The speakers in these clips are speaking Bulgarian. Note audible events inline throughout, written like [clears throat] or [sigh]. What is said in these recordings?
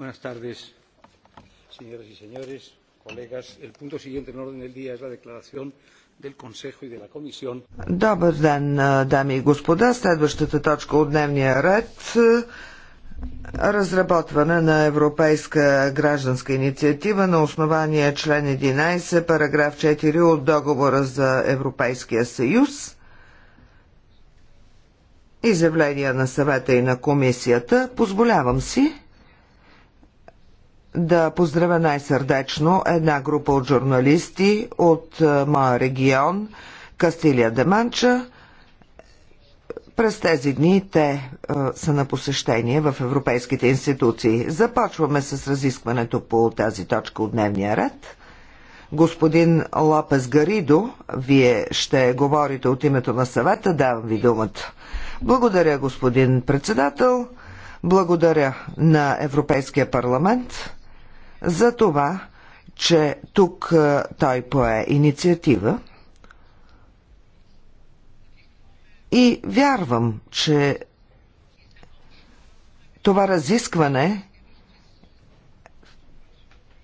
Buenas tardes, señoras y señores, colegas. El punto siguiente en orden del día es la declaración Добър ден, дами и господа. Следващата точка от дневния ред разработване на Европейска гражданска инициатива на основание член 11, параграф 4 от договора за Европейския съюз. Изявления на съвета и на комисията. Позволявам си да поздравя най-сърдечно една група от журналисти от е, моя регион Кастилия Деманча. През тези дни те е, са на посещение в европейските институции. Започваме с разискването по тази точка от дневния ред. Господин Лопес Гаридо, вие ще говорите от името на съвета, давам ви думата. Благодаря, господин председател. Благодаря на Европейския парламент за това, че тук е, той пое инициатива и вярвам, че това разискване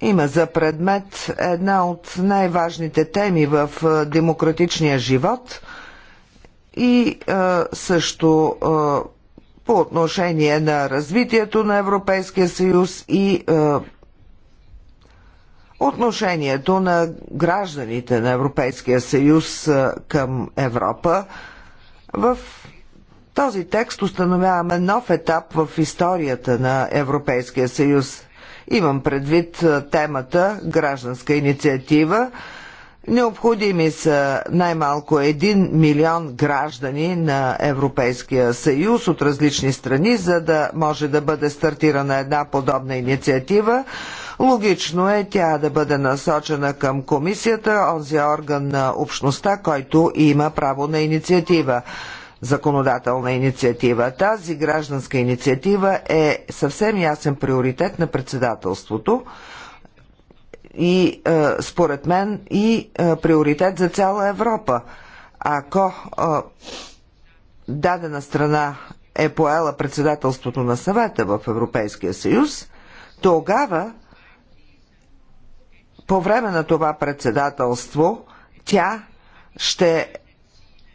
има за предмет една от най-важните теми в е, демократичния живот и е, също по отношение на развитието на Европейския съюз и е, отношението на гражданите на Европейския съюз към Европа. В този текст установяваме нов етап в историята на Европейския съюз. Имам предвид темата гражданска инициатива. Необходими са най-малко 1 милион граждани на Европейския съюз от различни страни, за да може да бъде стартирана една подобна инициатива. Логично е тя да бъде насочена към комисията, онзи орган на общността, който има право на инициатива законодателна инициатива. Тази гражданска инициатива е съвсем ясен приоритет на председателството и е, според мен и е, приоритет за цяла Европа. Ако е, дадена страна е поела председателството на съвета в Европейския съюз, тогава по време на това председателство тя ще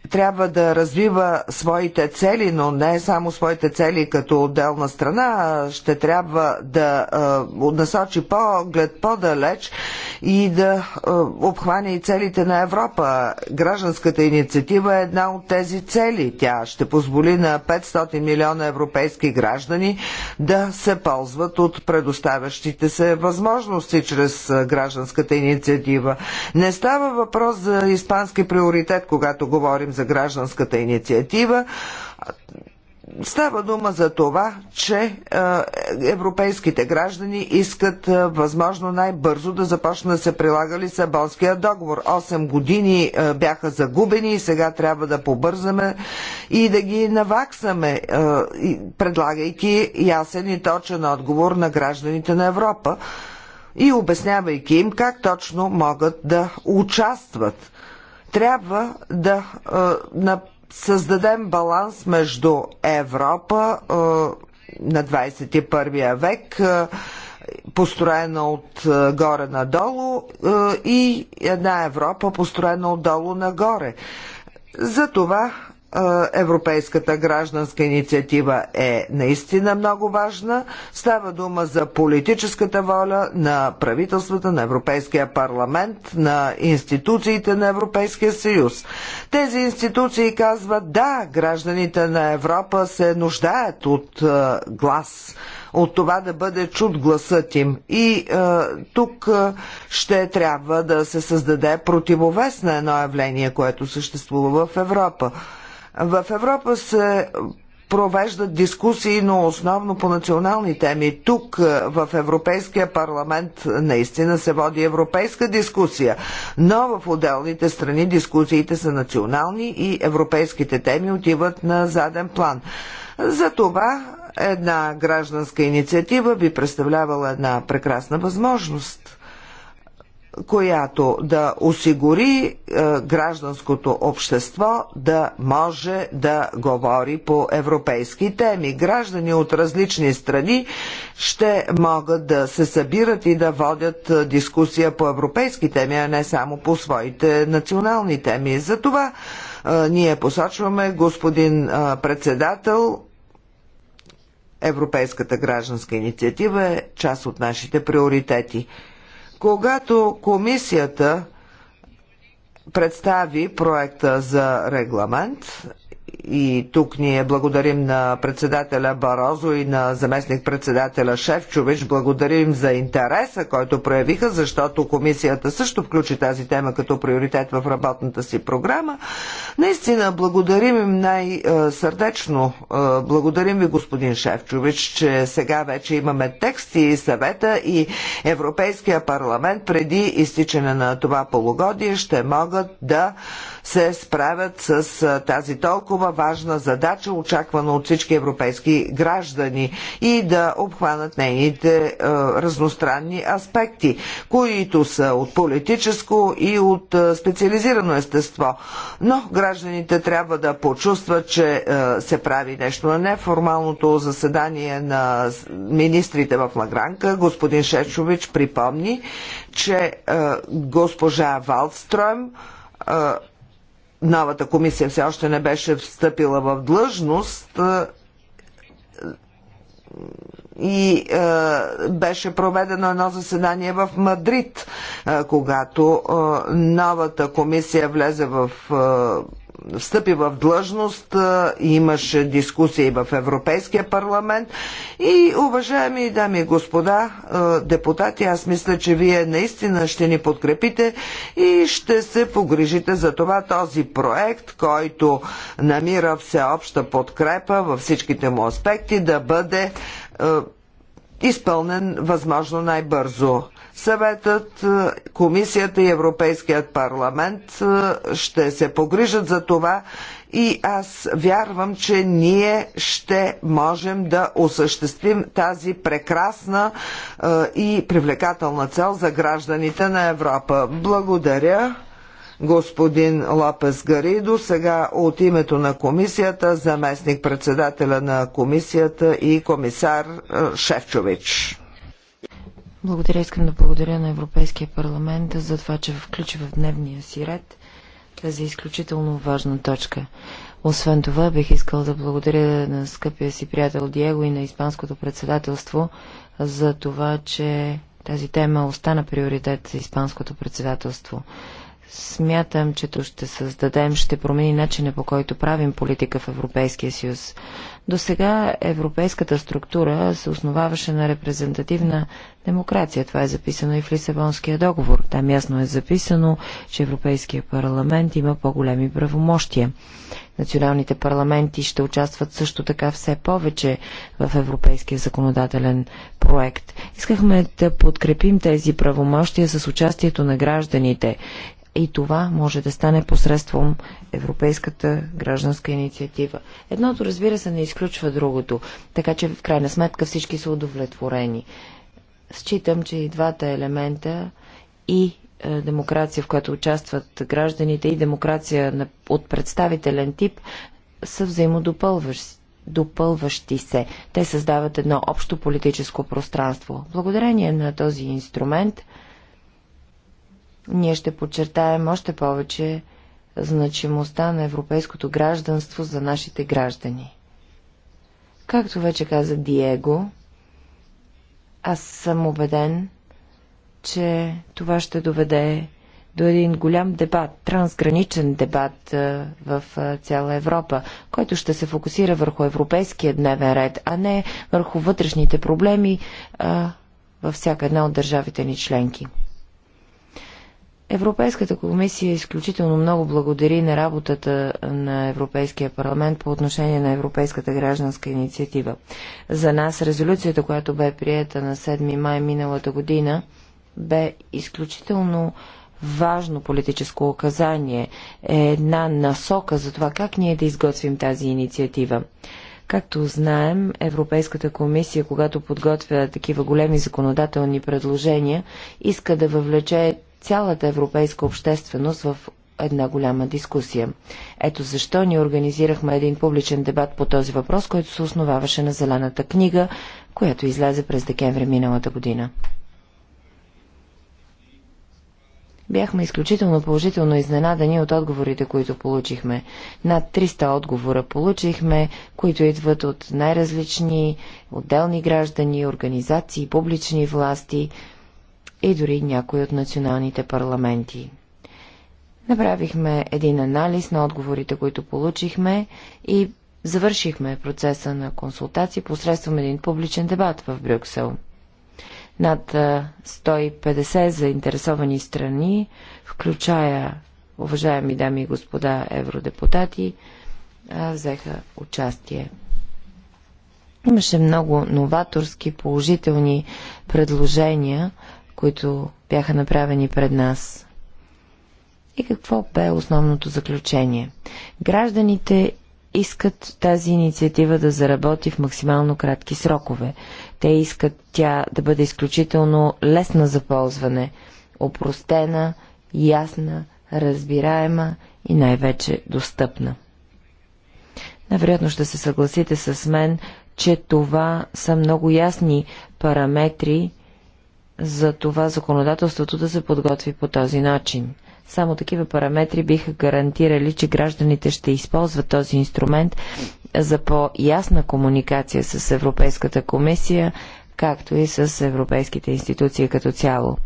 трябва да развива своите цели, но не само своите цели като отделна страна, ще трябва да насочи поглед по-далеч и да е, обхване и целите на Европа. Гражданската инициатива е една от тези цели. Тя ще позволи на 500 милиона европейски граждани да се ползват от предоставящите се възможности чрез е, гражданската инициатива. Не става въпрос за испански приоритет, когато говорим за гражданската инициатива Става дума за това, че европейските граждани искат възможно най-бързо да започне да се прилага Лисабонския договор. 8 години бяха загубени и сега трябва да побързаме и да ги наваксаме, предлагайки ясен и точен отговор на гражданите на Европа и обяснявайки им как точно могат да участват. Трябва да направим създадем баланс между Европа е, на 21 век, е, построена от е, горе надолу е, и една Европа построена отдолу нагоре. Затова Европейската гражданска инициатива е наистина много важна. Става дума за политическата воля на правителствата, на Европейския парламент, на институциите на Европейския съюз. Тези институции казват да, гражданите на Европа се нуждаят от е, глас, от това да бъде чут гласът им. И е, тук е, ще трябва да се създаде противовес на едно явление, което съществува в Европа. В Европа се провеждат дискусии, но основно по национални теми. Тук е, в Европейския парламент наистина се води европейска дискусия, но в отделните страни дискусиите са национални и европейските теми отиват на заден план. За това една гражданска инициатива би представлявала една прекрасна възможност която да осигури е, гражданското общество да може да говори по европейски теми. Граждани от различни страни ще могат да се събират и да водят е, дискусия по европейски теми, а не само по своите национални теми. За това е, ние посочваме господин е, председател Европейската гражданска инициатива е част от нашите приоритети. Когато комисията представи проекта за регламент, и тук ние благодарим на председателя Барозо и на заместник председателя Шефчович. Благодарим за интереса, който проявиха, защото комисията също включи тази тема като приоритет в работната си програма. Наистина благодарим им най-сърдечно. Благодарим ви, господин Шефчович, че сега вече имаме текст и съвета и Европейския парламент преди изтичане на това полугодие ще могат да се справят с тази толкова важна задача, очаквана от всички европейски граждани и да обхванат нейните разностранни аспекти, които са от политическо и от специализирано естество. Но гражданите трябва да почувстват, че се прави нещо на неформалното заседание на министрите в Магранка. Господин Шечович припомни, че госпожа Валдстройм новата комисия все още не беше встъпила в длъжност и е, беше проведено едно заседание в Мадрид, е, когато е, новата комисия влезе в е, встъпи в длъжност, имаше дискусии в Европейския парламент и, уважаеми дами и господа депутати, аз мисля, че вие наистина ще ни подкрепите и ще се погрижите за това този проект, който намира всеобща подкрепа във всичките му аспекти, да бъде изпълнен възможно най-бързо. Съветът, е, Комисията и Европейският парламент е, ще се погрижат за това и аз вярвам, че ние ще можем да осъществим тази прекрасна е, и привлекателна цел за гражданите на Европа. Благодаря господин Лопес Гаридо. Сега от името на комисията, заместник председателя на комисията и комисар Шефчович. Благодаря. Искам да благодаря на Европейския парламент за това, че включи в дневния си ред тази изключително важна точка. Освен това, бих искал да благодаря на скъпия си приятел Диего и на Испанското председателство за това, че тази тема остана приоритет за Испанското председателство. Смятам, че то ще създадем, ще промени начина по който правим политика в Европейския съюз. До сега европейската структура се основаваше на репрезентативна демокрация. Това е записано и в Лисабонския договор. Там ясно е записано, че Европейския парламент има по-големи правомощия. Националните парламенти ще участват също така все повече в европейския законодателен проект. Искахме да подкрепим тези правомощия с участието на гражданите и това може да стане посредством Европейската гражданска инициатива. Едното, разбира се, не изключва другото, така че в крайна сметка всички са удовлетворени. Считам, че и двата елемента и е, демокрация, в която участват гражданите и демокрация от представителен тип са взаимодопълващи допълващи се. Те създават едно общо политическо пространство. Благодарение на този инструмент ние ще подчертаем още повече значимостта на европейското гражданство за нашите граждани. Както вече каза Диего, аз съм убеден, че това ще доведе до един голям дебат, трансграничен дебат в цяла Европа, който ще се фокусира върху европейския дневен ред, а не върху вътрешните проблеми във всяка една от държавите ни членки. Европейската комисия изключително много благодари на работата на Европейския парламент по отношение на Европейската гражданска инициатива. За нас резолюцията, която бе приета на 7 май миналата година, бе изключително важно политическо указание, е една насока за това как ние да изготвим тази инициатива. Както знаем, Европейската комисия, когато подготвя такива големи законодателни предложения, иска да въвлече цялата европейска общественост в една голяма дискусия. Ето защо ние организирахме един публичен дебат по този въпрос, който се основаваше на Зелената книга, която излезе през декември миналата година. Бяхме изключително положително изненадани от отговорите, които получихме. Над 300 отговора получихме, които идват от най-различни отделни граждани, организации, публични власти – и дори някои от националните парламенти. Направихме един анализ на отговорите, които получихме и завършихме процеса на консултации посредством един публичен дебат в Брюксел. Над 150 заинтересовани страни, включая уважаеми дами и господа евродепутати, взеха участие. Имаше много новаторски, положителни предложения които бяха направени пред нас. И какво бе основното заключение? Гражданите искат тази инициатива да заработи в максимално кратки срокове. Те искат тя да бъде изключително лесна за ползване, опростена, ясна, разбираема и най-вече достъпна. Навероятно ще се съгласите с мен, че това са много ясни параметри, за това законодателството да се подготви по този начин. Само такива параметри биха гарантирали, че гражданите ще използват този инструмент за по-ясна комуникация с Европейската комисия, както и с европейските институции като цяло.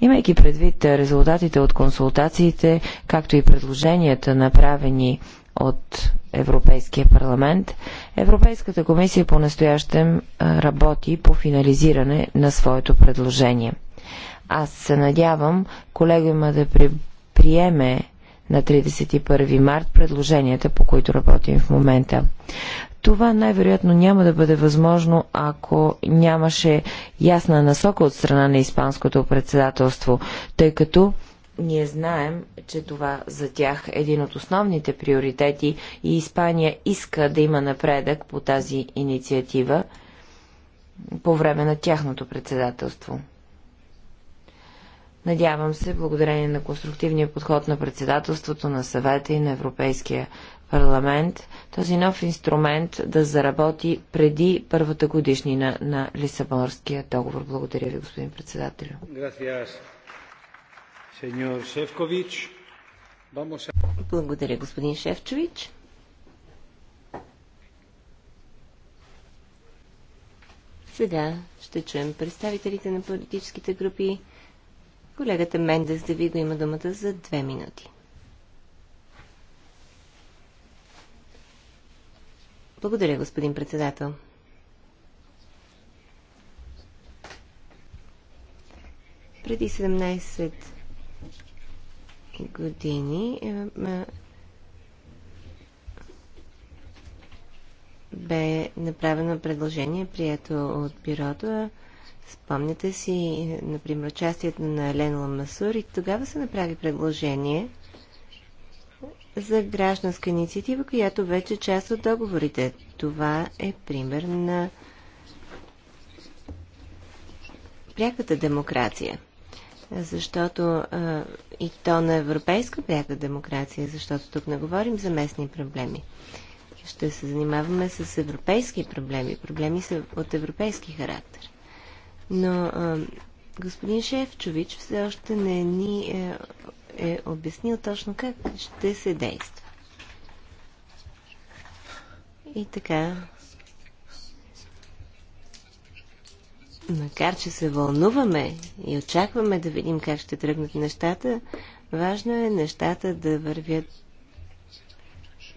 Имайки предвид резултатите от консултациите, както и предложенията направени от Европейския парламент, Европейската комисия по-настоящем работи по финализиране на своето предложение. Аз се надявам има да при... приеме на 31 март предложенията, по които работим в момента. Това най-вероятно няма да бъде възможно, ако нямаше ясна насока от страна на Испанското председателство, тъй като ние знаем, че това за тях е един от основните приоритети и Испания иска да има напредък по тази инициатива по време на тяхното председателство. Надявам се, благодарение на конструктивния подход на председателството, на съвета и на Европейския парламент, този нов инструмент да заработи преди първата годишнина на Лисабонския договор. Благодаря ви, господин председател. Благодаря, господин Шефчович. Сега ще чуем представителите на политическите групи. Колегата Мендес да ви го има думата за две минути. Благодаря, господин председател. Преди 17 години е, е, бе направено предложение, прието от бюрото. Спомняте си, например, участието на Елен Ламасур и тогава се направи предложение за гражданска инициатива, която вече е част от договорите. Това е пример на пряката демокрация. Защото а, и то на европейска пряка демокрация, защото тук не говорим за местни проблеми. Ще се занимаваме с европейски проблеми. Проблеми са от европейски характер. Но а, господин Шефчович все още не ни е, е обяснил точно как ще се действа. И така, макар че се вълнуваме и очакваме да видим как ще тръгнат нещата, важно е нещата да вървят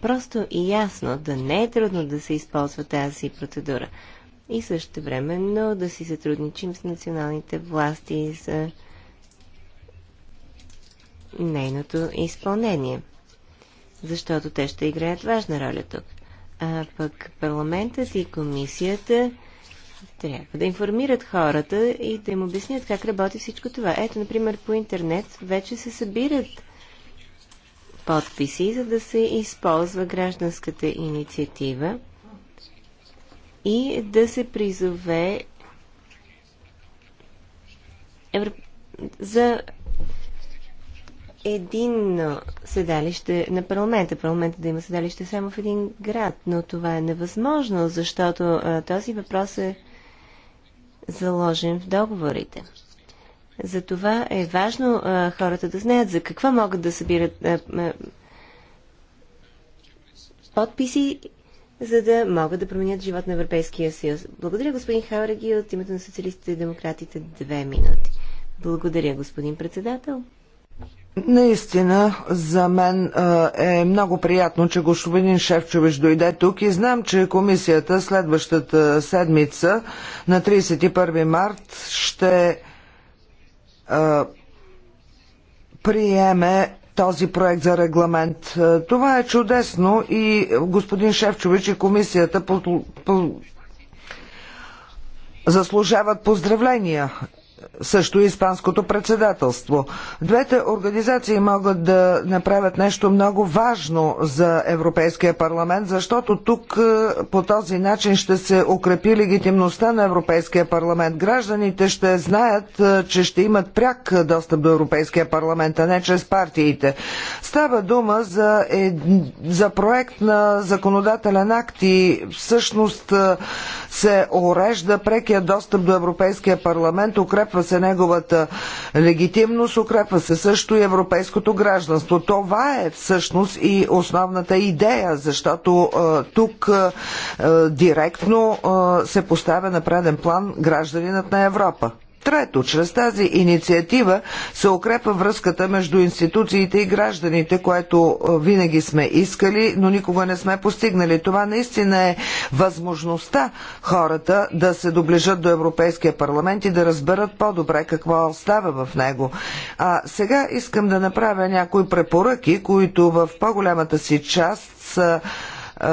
просто и ясно, да не е трудно да се използва тази процедура. И също времено да си сътрудничим с националните власти за нейното изпълнение. Защото те ще играят важна роля тук. А пък парламентът и комисията трябва да информират хората и да им обяснят как работи всичко това. Ето, например, по интернет вече се събират подписи, за да се използва гражданската инициатива и да се призове за единно седалище на парламента. Парламента да има седалище само в един град, но това е невъзможно, защото а, този въпрос е заложен в договорите. Затова е важно а, хората да знаят за какво могат да събират а, а, подписи, за да могат да променят живот на Европейския съюз. Благодаря, господин Хавраги, от името на социалистите и демократите. Две минути. Благодаря, господин председател. Наистина, за мен е много приятно, че господин Шевчович дойде тук и знам, че комисията следващата седмица на 31 март ще приеме този проект за регламент. Това е чудесно и господин Шевчович и комисията заслужават поздравления също и Испанското председателство. Двете организации могат да направят нещо много важно за Европейския парламент, защото тук е, по този начин ще се укрепи легитимността на Европейския парламент. Гражданите ще знаят, е, че ще имат пряк достъп до Европейския парламент, а не чрез партиите. Става дума за, е, за проект на законодателен акт и всъщност е, се урежда прекия достъп до Европейския парламент, укреп укрепва се неговата легитимност, укрепва се също и европейското гражданство. Това е всъщност и основната идея, защото тук директно се поставя на преден план гражданинът на Европа. Трето, чрез тази инициатива се укрепва връзката между институциите и гражданите, което е, винаги сме искали, но никога не сме постигнали. Това наистина е възможността хората да се доближат до Европейския парламент и да разберат по-добре какво става в него. А сега искам да направя някои препоръки, които в по-голямата си част са е,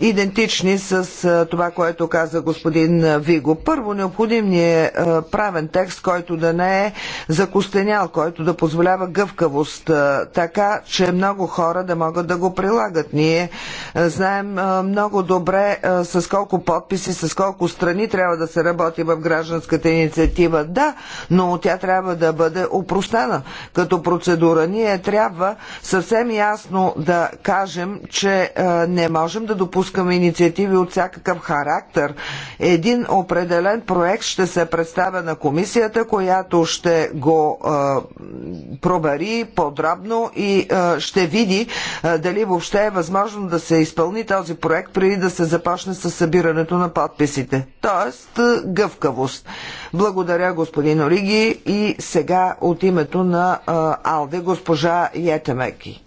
идентични с това, което каза господин Виго. Първо, необходим ни е правен текст, който да не е закостенял, който да позволява гъвкавост, така че много хора да могат да го прилагат. Ние знаем много добре с колко подписи, с колко страни трябва да се работи в гражданската инициатива. Да, но тя трябва да бъде упростена като процедура. Ние трябва съвсем ясно да кажем, че не можем да допустим допускаме инициативи от всякакъв характер. Един определен проект ще се представя на комисията, която ще го провери пробари подробно и ще види дали въобще е възможно да се изпълни този проект преди да се започне с събирането на подписите. Тоест гъвкавост. Благодаря господин Ориги и сега от името на е, Алде госпожа Йетемеки.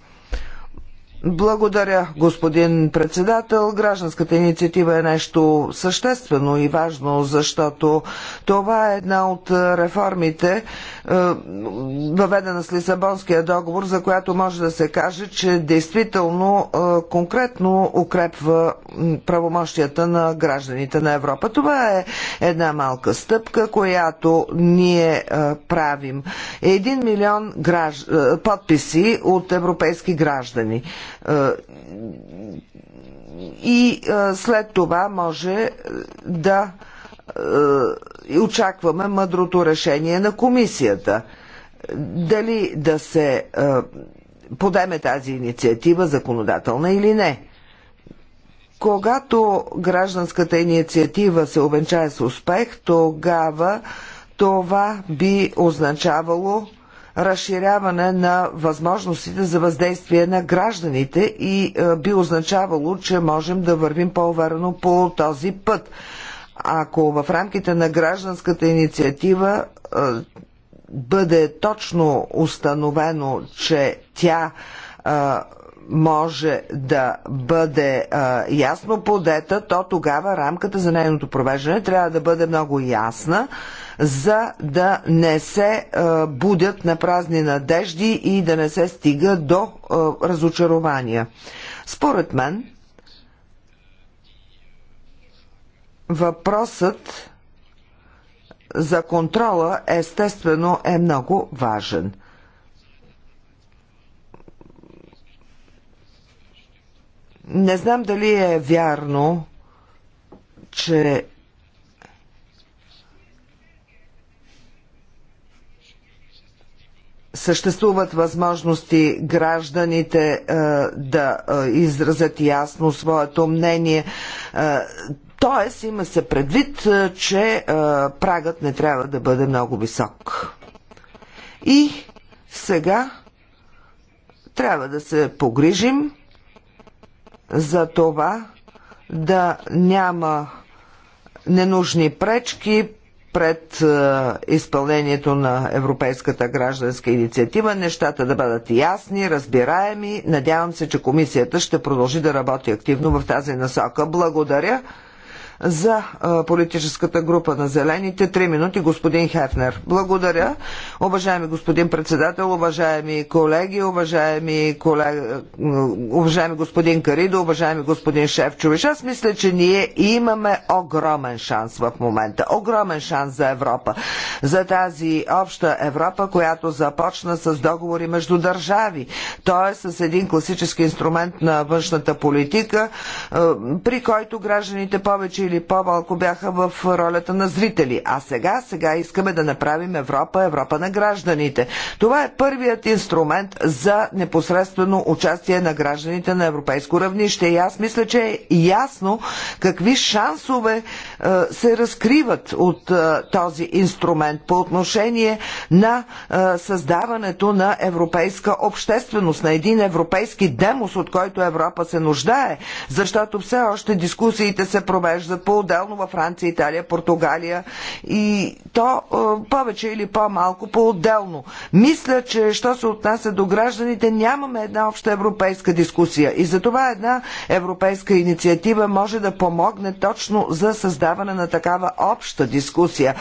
Благодаря, господин председател. Гражданската инициатива е нещо съществено и важно, защото това е една от реформите, е, въведена с Лисабонския договор, за която може да се каже, че действително е, конкретно укрепва правомощията на гражданите на Европа. Това е една малка стъпка, която ние е, правим. Един милион гражд... подписи от европейски граждани и след това може да е, и очакваме мъдрото решение на комисията. Дали да се е, подеме тази инициатива законодателна или не. Когато гражданската инициатива се обенчае с успех, тогава това би означавало разширяване на възможностите за въздействие на гражданите и е, би означавало, че можем да вървим по-уверено по този път ако в рамките на гражданската инициатива е, бъде точно установено, че тя е, може да бъде а, е, ясно подета, то тогава рамката за нейното провеждане трябва да бъде много ясна, за да не се а, будят на празни надежди и да не се стига до а, разочарования. Според мен, въпросът за контрола естествено е много важен. Не знам дали е вярно, че съществуват възможности гражданите е, да е, изразят ясно своето мнение. Е, Тоест има се предвид, че прагът не трябва да бъде много висок. И сега трябва да се погрижим за това да няма ненужни пречки пред изпълнението на Европейската гражданска инициатива, нещата да бъдат ясни, разбираеми. Надявам се, че комисията ще продължи да работи активно в тази насока. Благодаря. За политическата група на зелените три минути господин Хефнер. Благодаря. Уважаеми господин председател, уважаеми колеги, уважаеми, колег... уважаеми господин Каридо, уважаеми господин Шефчович. Аз мисля, че ние имаме огромен шанс в момента. Огромен шанс за Европа. За тази обща Европа, която започна с договори между държави. Т.е. с един класически инструмент на външната политика, при който гражданите повече или по-малко бяха в ролята на зрители. А сега, сега искаме да направим Европа, Европа на гражданите. Това е първият инструмент за непосредствено участие на гражданите на европейско равнище. И аз мисля, че е ясно какви шансове е, се разкриват от е, този инструмент по отношение на е, създаването на европейска общественост, на един европейски демос, от който Европа се нуждае, защото все още дискусиите се провеждат по-отделно във Франция, Италия, Португалия и то е, повече или по-малко по-отделно. Мисля, че що се отнася до гражданите, нямаме една обща европейска дискусия и затова една европейска инициатива може да помогне точно за създаване на такава обща дискусия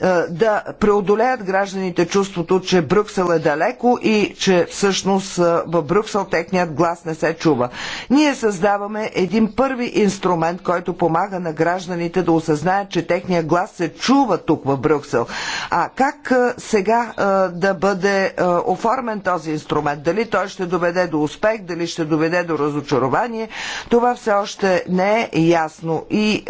е, да преодолеят гражданите чувството, че Брюксел е далеко и че всъщност е, в Брюксел техният глас не се чува. Ние създаваме един първи инструмент, който помага на гражданите да осъзнаят, че техния глас се чува тук в Брюксел. А как сега да бъде оформен този инструмент? Дали той ще доведе до успех, дали ще доведе до разочарование? Това все още не е ясно. И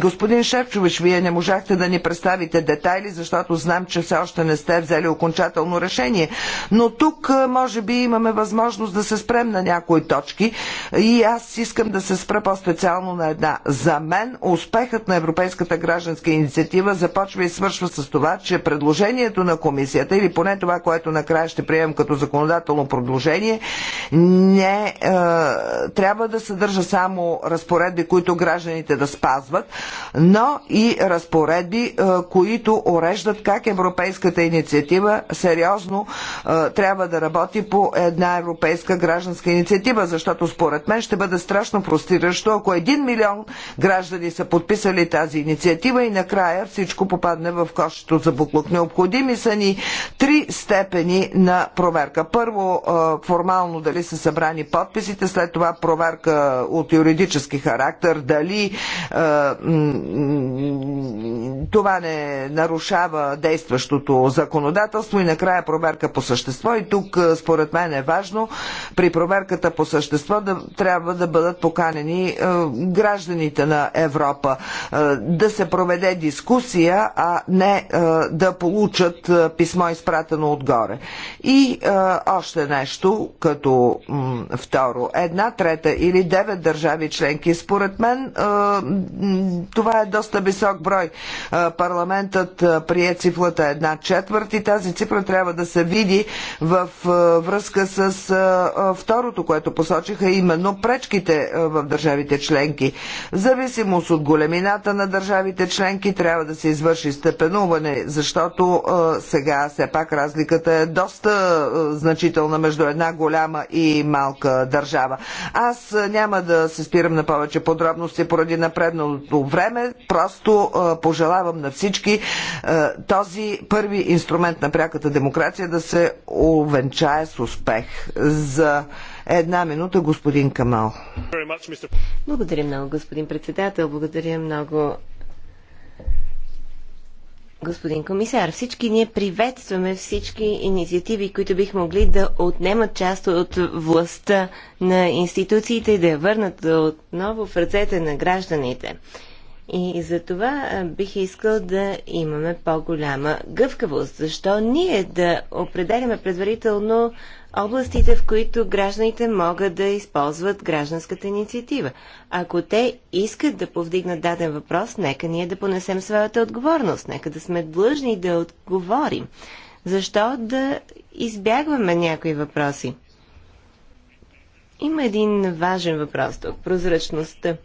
господин Шепчович, вие не можахте да ни представите детайли, защото знам, че все още не сте взели окончателно решение. Но тук може би имаме възможност да се спрем на някои точки и аз искам да се спра по-специално на една. За мен успехът на Европейската гражданска инициатива започва и свършва с това, че предложението на комисията или поне това, което накрая ще приемем като законодателно предложение, не е, трябва да съдържа само разпоредби, които гражданите да спазват, но и разпоредби, е, които уреждат как Европейската инициатива сериозно е, трябва да работи по една Европейска гражданска инициатива, защото според мен ще бъде страшно простиращо, ако един милион граждани граждани са подписали тази инициатива и накрая всичко попадне в кошето за буклук. Необходими са ни три степени на проверка. Първо, е, формално дали са събрани подписите, след това проверка от юридически характер, дали е, това не нарушава действащото законодателство и накрая проверка по същество. И тук, е, според мен, е важно при проверката по същество да трябва да бъдат поканени гражданите на на Европа. Е, да се проведе дискусия, а не е, да получат е, писмо изпратено отгоре. И още нещо, като второ. Една, трета или девет държави членки. Според мен това е доста висок брой. Парламентът прие цифрата една четвърт и тази цифра трябва да се види в връзка с второто, което посочиха, именно пречките в държавите членки. За зависимост от големината на държавите членки трябва да се извърши степенуване, защото а, сега все пак разликата е доста а, значителна между една голяма и малка държава. Аз няма да се спирам на повече подробности поради напредното време, просто а, пожелавам на всички този първи инструмент на пряката демокрация да се увенчае с успех. За Една минута, господин Камал. Благодаря много, господин председател. Благодаря много, Господин комисар, всички ние приветстваме всички инициативи, които бих могли да отнемат част от властта на институциите и да я върнат отново в ръцете на гражданите. И за това бих искал да имаме по-голяма гъвкавост. Защо ние да определяме предварително областите, в които гражданите могат да използват гражданската инициатива. Ако те искат да повдигнат даден въпрос, нека ние да понесем своята отговорност, нека да сме длъжни да отговорим. Защо да избягваме някои въпроси? Има един важен въпрос тук – прозрачността.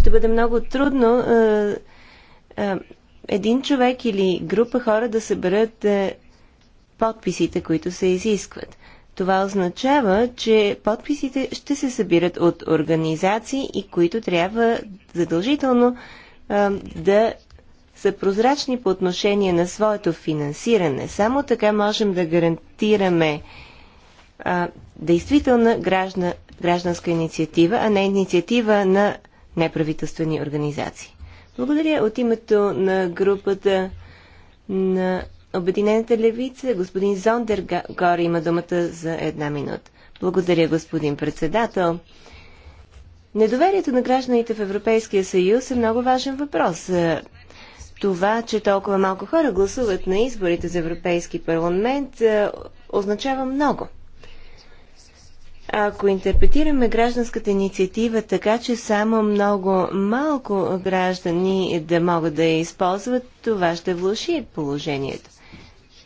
Ще бъде много трудно е, е, един човек или група хора да съберат е, подписите, които се изискват. Това означава, че подписите ще се събират от организации и които трябва задължително а, да са прозрачни по отношение на своето финансиране. Само така можем да гарантираме а, действителна граждан, гражданска инициатива, а не инициатива на неправителствени организации. Благодаря от името на групата на Обединената левица, господин Зондер Гори има думата за една минута. Благодаря, господин председател. Недоверието на гражданите в Европейския съюз е много важен въпрос. Това, че толкова малко хора гласуват на изборите за Европейски парламент, е, означава много. Ако интерпретираме гражданската инициатива така, че само много малко граждани да могат да я използват, това ще влуши положението.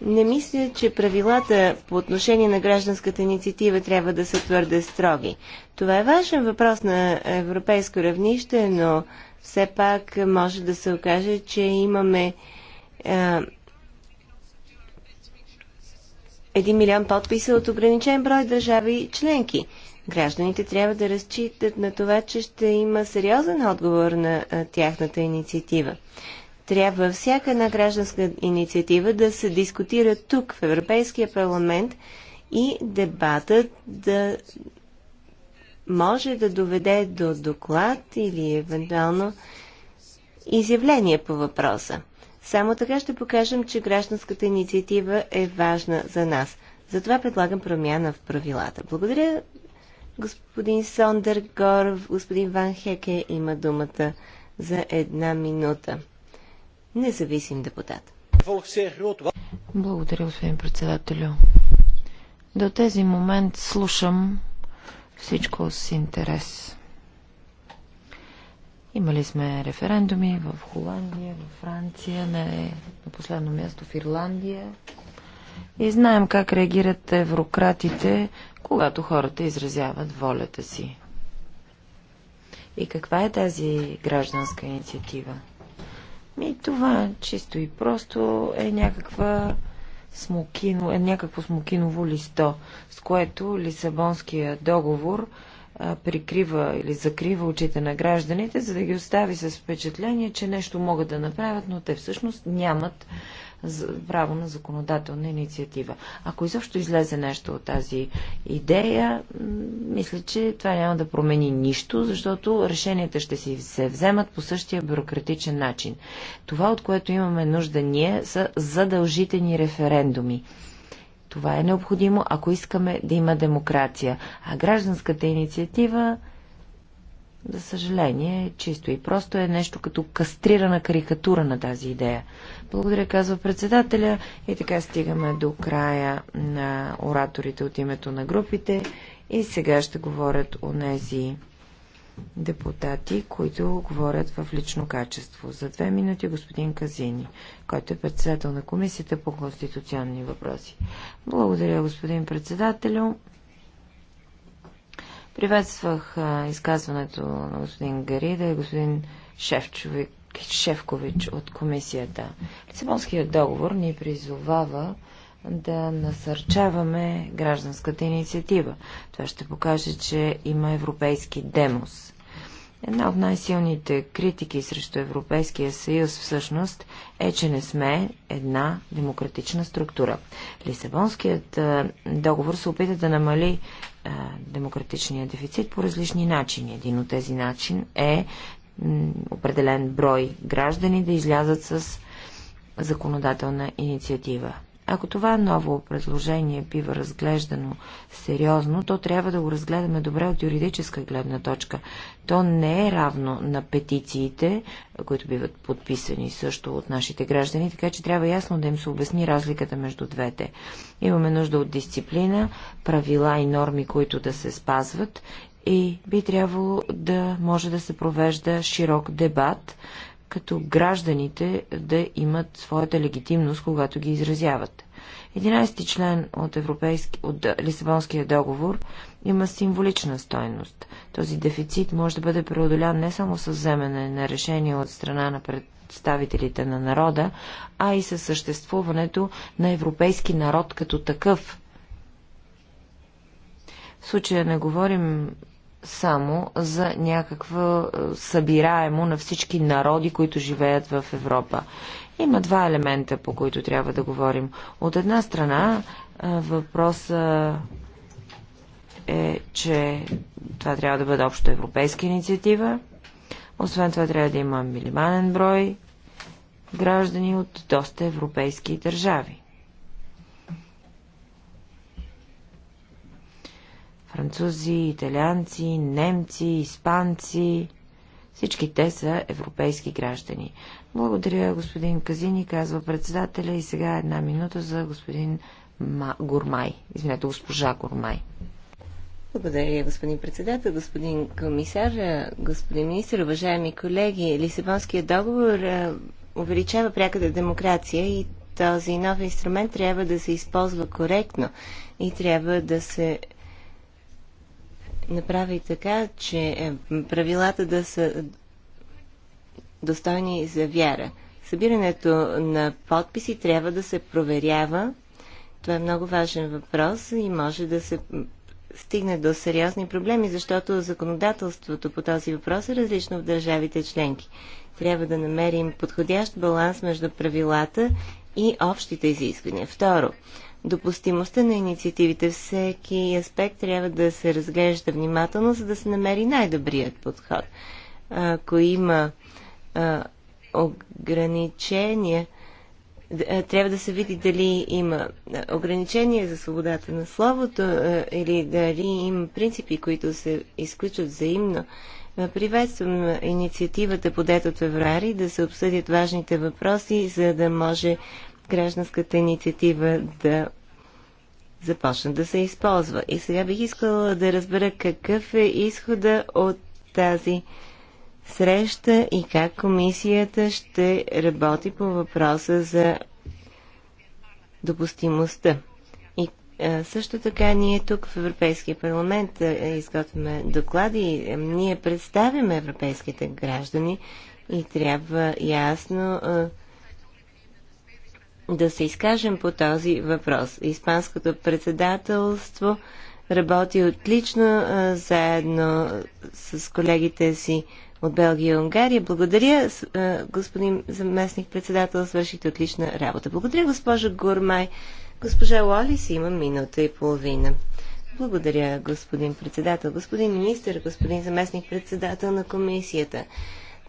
Не мисля, че правилата по отношение на гражданската инициатива трябва да са твърде строги. Това е важен въпрос на европейско равнище, но все пак може да се окаже, че имаме а, един милион подписа от ограничен брой държави членки. Гражданите трябва да разчитат на това, че ще има сериозен отговор на а, тяхната инициатива трябва всяка една гражданска инициатива да се дискутира тук, в Европейския парламент и дебатът да може да доведе до доклад или евентуално изявление по въпроса. Само така ще покажем, че гражданската инициатива е важна за нас. Затова предлагам промяна в правилата. Благодаря, господин Горов, господин Ван Хеке има думата за една минута независим депутат. Благодаря, господин председателю. До този момент слушам всичко с интерес. Имали сме референдуми в Холандия, в Франция, не, на последно място в Ирландия. И знаем как реагират еврократите, когато хората изразяват волята си. И каква е тази гражданска инициатива? Ми, това чисто и просто е някаква смокино, е някакво смокиново листо, с което Лисабонския договор а, прикрива или закрива очите на гражданите, за да ги остави с впечатление, че нещо могат да направят, но те всъщност нямат право на законодателна инициатива. Ако изобщо излезе нещо от тази идея, мисля, че това няма да промени нищо, защото решенията ще си се вземат по същия бюрократичен начин. Това, от което имаме нужда ние, са задължителни референдуми. Това е необходимо, ако искаме да има демокрация. А гражданската инициатива, за съжаление, чисто и просто е нещо като кастрирана карикатура на тази идея. Благодаря, казва председателя. И така стигаме до края на ораторите от името на групите. И сега ще говорят о нези депутати, които говорят в лично качество. За две минути господин Казини, който е председател на Комисията по конституционни въпроси. Благодаря, господин председателю. Приветствах изказването на господин Гарида и господин Шефчовик Шефкович от комисията. Лисабонският договор ни призовава да насърчаваме гражданската инициатива. Това ще покаже, че има европейски демос. Една от най-силните критики срещу Европейския съюз всъщност е, че не сме една демократична структура. Лисабонският е, договор се опита да намали е, демократичния дефицит по различни начини. Един от тези начин е определен брой граждани да излязат с законодателна инициатива. Ако това ново предложение бива разглеждано сериозно, то трябва да го разгледаме добре от юридическа гледна точка. То не е равно на петициите, които биват подписани също от нашите граждани, така че трябва ясно да им се обясни разликата между двете. Имаме нужда от дисциплина, правила и норми, които да се спазват и би трябвало да може да се провежда широк дебат, като гражданите да имат своята легитимност, когато ги изразяват. 11 член от, европейски, от Лисабонския договор има символична стойност. Този дефицит може да бъде преодолян не само с вземане на решение от страна на представителите на народа, а и със съществуването на европейски народ като такъв. В случая не говорим само за някакво е, събираемо на всички народи, които живеят в Европа. Има два елемента, по които трябва да говорим. От една страна, е, въпроса е, че това трябва да бъде общо европейска инициатива. Освен това трябва да има минимален брой граждани от доста европейски държави. Французи, италианци, немци, испанци. Всички те са европейски граждани. Благодаря, господин Казини, казва председателя. И сега една минута за господин Ма... Гормай. Извинете, госпожа Гормай. Благодаря, господин председател, господин комисар, господин министр, уважаеми колеги. Лисабонският договор е, увеличава пряката демокрация и този нов инструмент трябва да се използва коректно и трябва да се направи така, че е, правилата да са достойни за вяра. Събирането на подписи трябва да се проверява. Това е много важен въпрос и може да се стигне до сериозни проблеми, защото законодателството по този въпрос е различно в държавите членки. Трябва да намерим подходящ баланс между правилата и общите изисквания. Второ, допустимостта на инициативите. Всеки аспект трябва да се разглежда внимателно, за да се намери най-добрият подход. Ако има а, ограничения, трябва да се види дали има ограничения за свободата на словото или дали има принципи, които се изключват взаимно. Приветствам инициативата подет от феврари да се обсъдят важните въпроси, за да може гражданската инициатива да започна да се използва. И сега бих искала да разбера какъв е изхода от тази среща и как комисията ще работи по въпроса за допустимостта. И а, също така ние тук в Европейския парламент а, изготвяме доклади, и ние представяме европейските граждани и трябва ясно а, да се изкажем по този въпрос. Испанското председателство работи отлично заедно с колегите си от Белгия и Унгария. Благодаря, господин заместник председател, свършите отлична работа. Благодаря, госпожа Гурмай. Госпожа Лолис има минута и половина. Благодаря, господин председател, господин министр, господин заместник председател на комисията.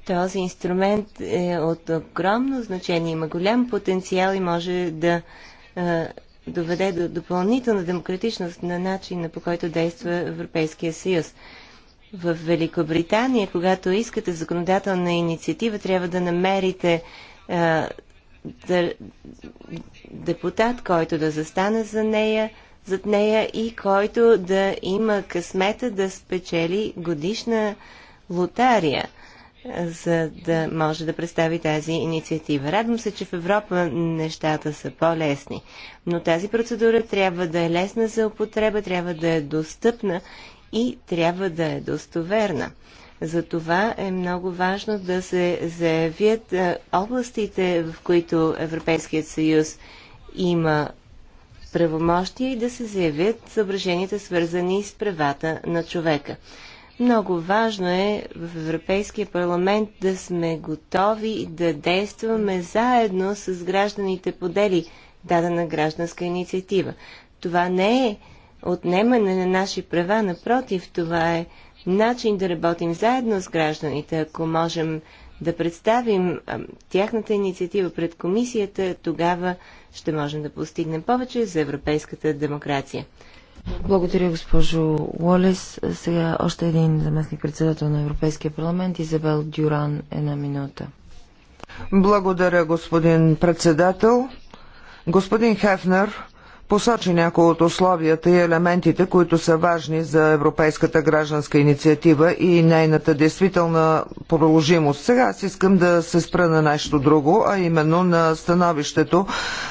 Този инструмент е от огромно значение, има голям потенциал и може да е, доведе до допълнителна демократичност на начина по който действа Европейския съюз. В Великобритания, когато искате законодателна инициатива, трябва да намерите е, да, депутат, който да застане за нея, зад нея и който да има късмета да спечели годишна лотария – за да може да представи тази инициатива. Радвам се, че в Европа нещата са по-лесни, но тази процедура трябва да е лесна за употреба, трябва да е достъпна и трябва да е достоверна. Затова е много важно да се заявят е, областите, в които Европейският съюз има правомощия и да се заявят съображенията, свързани с правата на човека. Много важно е в Европейския парламент да сме готови да действаме заедно с гражданите подели дадена гражданска инициатива. Това не е отнемане на наши права, напротив, това е начин да работим заедно с гражданите. Ако можем да представим тяхната инициатива пред комисията, тогава ще можем да постигнем повече за европейската демокрация. Благодаря, госпожо Уолес. Сега още един заместник председател на Европейския парламент, Изабел Дюран, една минута. Благодаря, господин председател. Господин Хефнер, посочи някои от условията и елементите, които са важни за Европейската гражданска инициатива и нейната действителна продължимост. Сега аз искам да се спра на нещо друго, а именно на становището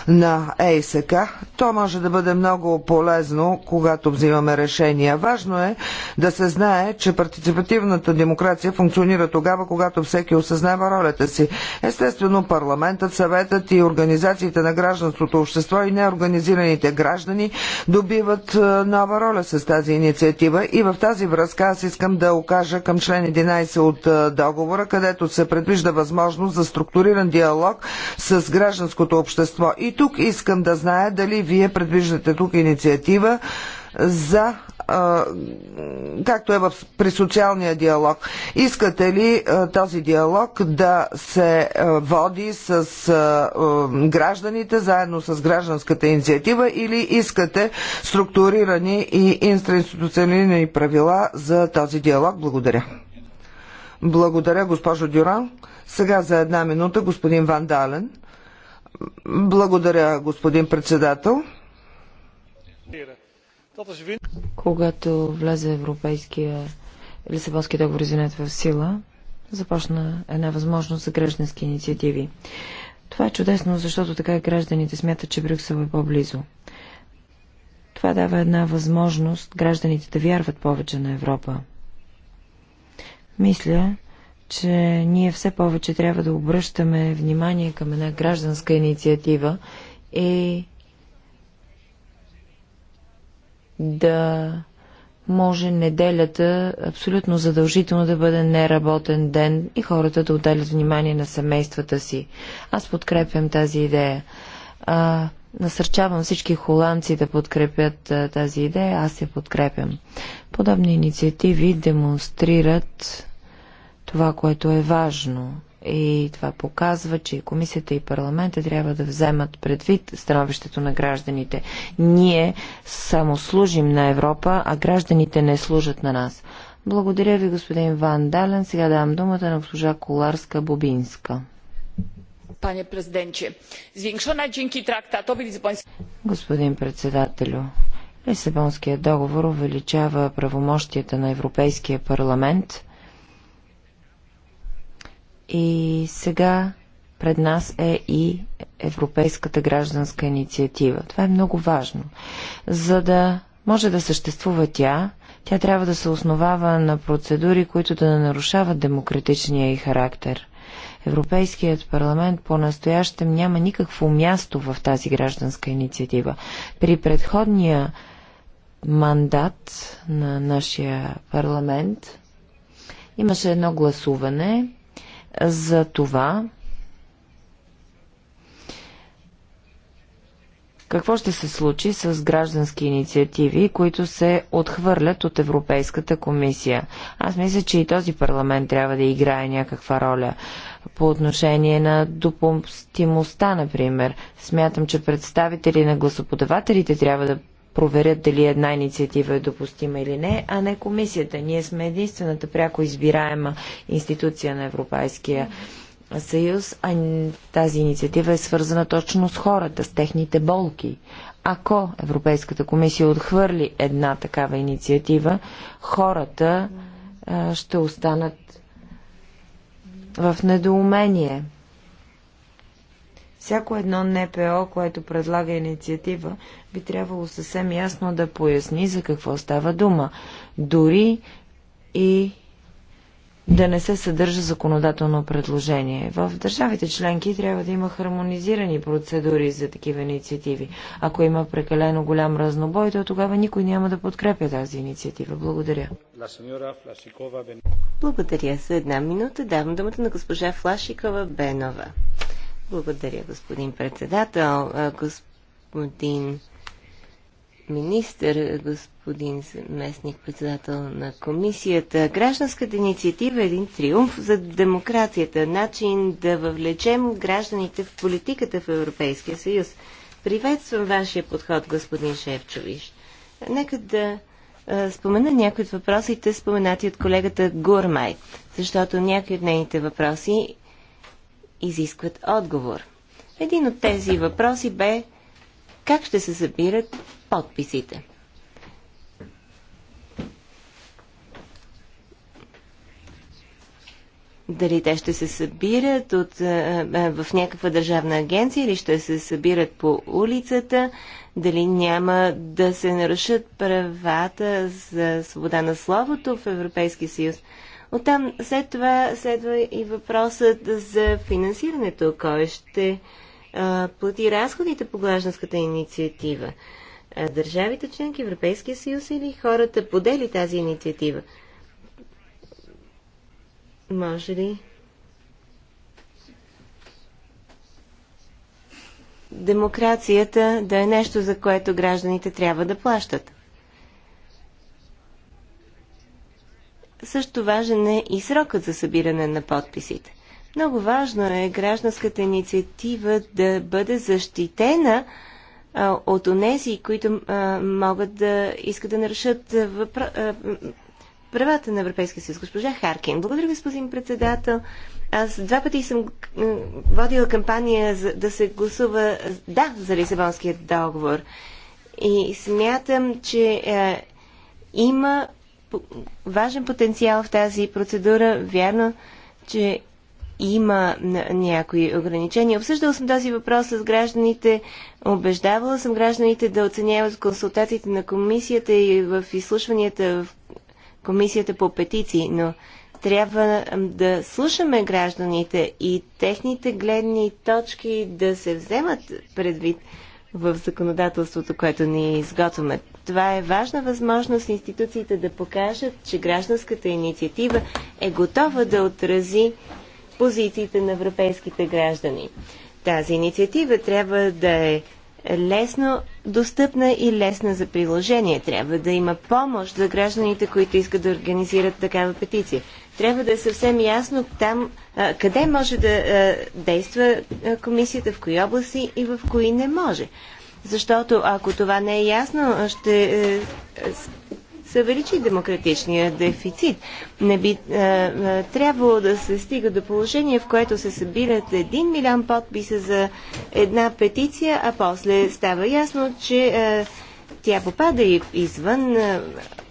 на ЕСК. То може да бъде много полезно, когато взимаме решения. Важно е да се знае, че партиципативната демокрация функционира тогава, когато всеки осъзнава ролята си. Естествено, парламентът, съветът и организациите на гражданството общество и неорганизираните българските граждани добиват е, нова роля с тази инициатива и в тази връзка аз искам да окажа към член 11 от е, договора, където се предвижда възможност за структуриран диалог с гражданското общество. И тук искам да зная дали вие предвиждате тук инициатива за както е в, при социалния диалог. Искате ли този диалог да се води с гражданите, заедно с гражданската инициатива или искате структурирани и институционални правила за този диалог? Благодаря. Благодаря, госпожо Дюран. Сега за една минута господин Ван Дален. Благодаря, господин председател. Когато влезе Европейския Лисабонски договор, извинете, в сила, започна една възможност за граждански инициативи. Това е чудесно, защото така гражданите смятат, че Брюксел е по-близо. Това дава една възможност гражданите да вярват повече на Европа. Мисля, че ние все повече трябва да обръщаме внимание към една гражданска инициатива и да може неделята абсолютно задължително да бъде неработен ден и хората да отделят внимание на семействата си. Аз подкрепям тази идея. А, насърчавам всички холандци да подкрепят а, тази идея, аз я подкрепям. Подобни инициативи демонстрират това, което е важно и това показва, че и комисията и парламента трябва да вземат предвид становището на гражданите. Ние само служим на Европа, а гражданите не служат на нас. Благодаря ви, господин Ван Дален. Сега давам думата на госпожа Коларска-Бобинска. Пане президенче, zwiększona dzięki traktatowi лизбонски... Господин председателю, Лисабонският договор увеличава правомощията на Европейския парламент – и сега пред нас е и Европейската гражданска инициатива. Това е много важно. За да може да съществува тя, тя трябва да се основава на процедури, които да не нарушават демократичния и характер. Европейският парламент по-настоящем няма никакво място в тази гражданска инициатива. При предходния мандат на нашия парламент имаше едно гласуване, за това какво ще се случи с граждански инициативи, които се отхвърлят от Европейската комисия. Аз мисля, че и този парламент трябва да играе някаква роля по отношение на допустимостта, например. Смятам, че представители на гласоподавателите трябва да проверят дали една инициатива е допустима или не, а не комисията. Ние сме единствената пряко избираема институция на Европейския съюз, а тази инициатива е свързана точно с хората, с техните болки. Ако Европейската комисия отхвърли една такава инициатива, хората а, ще останат в недоумение. Всяко едно НПО, което предлага инициатива, би трябвало съвсем ясно да поясни за какво става дума. Дори и да не се съдържа законодателно предложение. В държавите членки трябва да има хармонизирани процедури за такива инициативи. Ако има прекалено голям разнобой, то тогава никой няма да подкрепя тази инициатива. Благодаря. Благодаря. За една минута давам думата на госпожа Флашикова Бенова. Благодаря, господин председател. Господин министър, господин заместник председател на комисията. Гражданската инициатива е един триумф за демокрацията, начин да въвлечем гражданите в политиката в Европейския съюз. Приветствам вашия подход, господин Шевчович. Нека да спомена някои от въпросите, споменати от колегата Гурмай, защото някои от нейните въпроси изискват отговор. Един от тези въпроси бе как ще се събират подписите. Дали те ще се събират от, в някаква държавна агенция или ще се събират по улицата, дали няма да се нарушат правата за свобода на словото в Европейския съюз. Оттам след това следва и въпросът за финансирането. Кой ще а, плати разходите по гражданската инициатива? държавите членки, Европейския съюз или хората подели тази инициатива? Може ли демокрацията да е нещо, за което гражданите трябва да плащат? Също важен е и срокът за събиране на подписите. Много важно е гражданската инициатива да бъде защитена от онези, които а, могат да искат да нарушат въпра... а, правата на Европейския съюз. Госпожа Харкин. Благодаря, господин председател. Аз два пъти съм водила кампания за да се гласува да за Лисабонския договор. И смятам, че е, има важен потенциал в тази процедура. Вярно, че има някои ограничения. Обсъждал съм този въпрос с гражданите, убеждавала съм гражданите да оценяват консултациите на комисията и в изслушванията в комисията по петиции, но трябва да слушаме гражданите и техните гледни точки да се вземат предвид в законодателството, което ни изготвяме. Това е важна възможност институциите да покажат, че гражданската инициатива е готова да отрази позициите на европейските граждани. Тази инициатива трябва да е лесно достъпна и лесна за приложение. Трябва да има помощ за гражданите, които искат да организират такава петиция. Трябва да е съвсем ясно там къде може да действа комисията, в кои области и в кои не може. Защото ако това не е ясно, ще е, се увеличи демократичния дефицит. Не би а, а, трябвало да се стига до положение, в което се събират 1 милион подписа за една петиция, а после става ясно, че а, тя попада и извън а,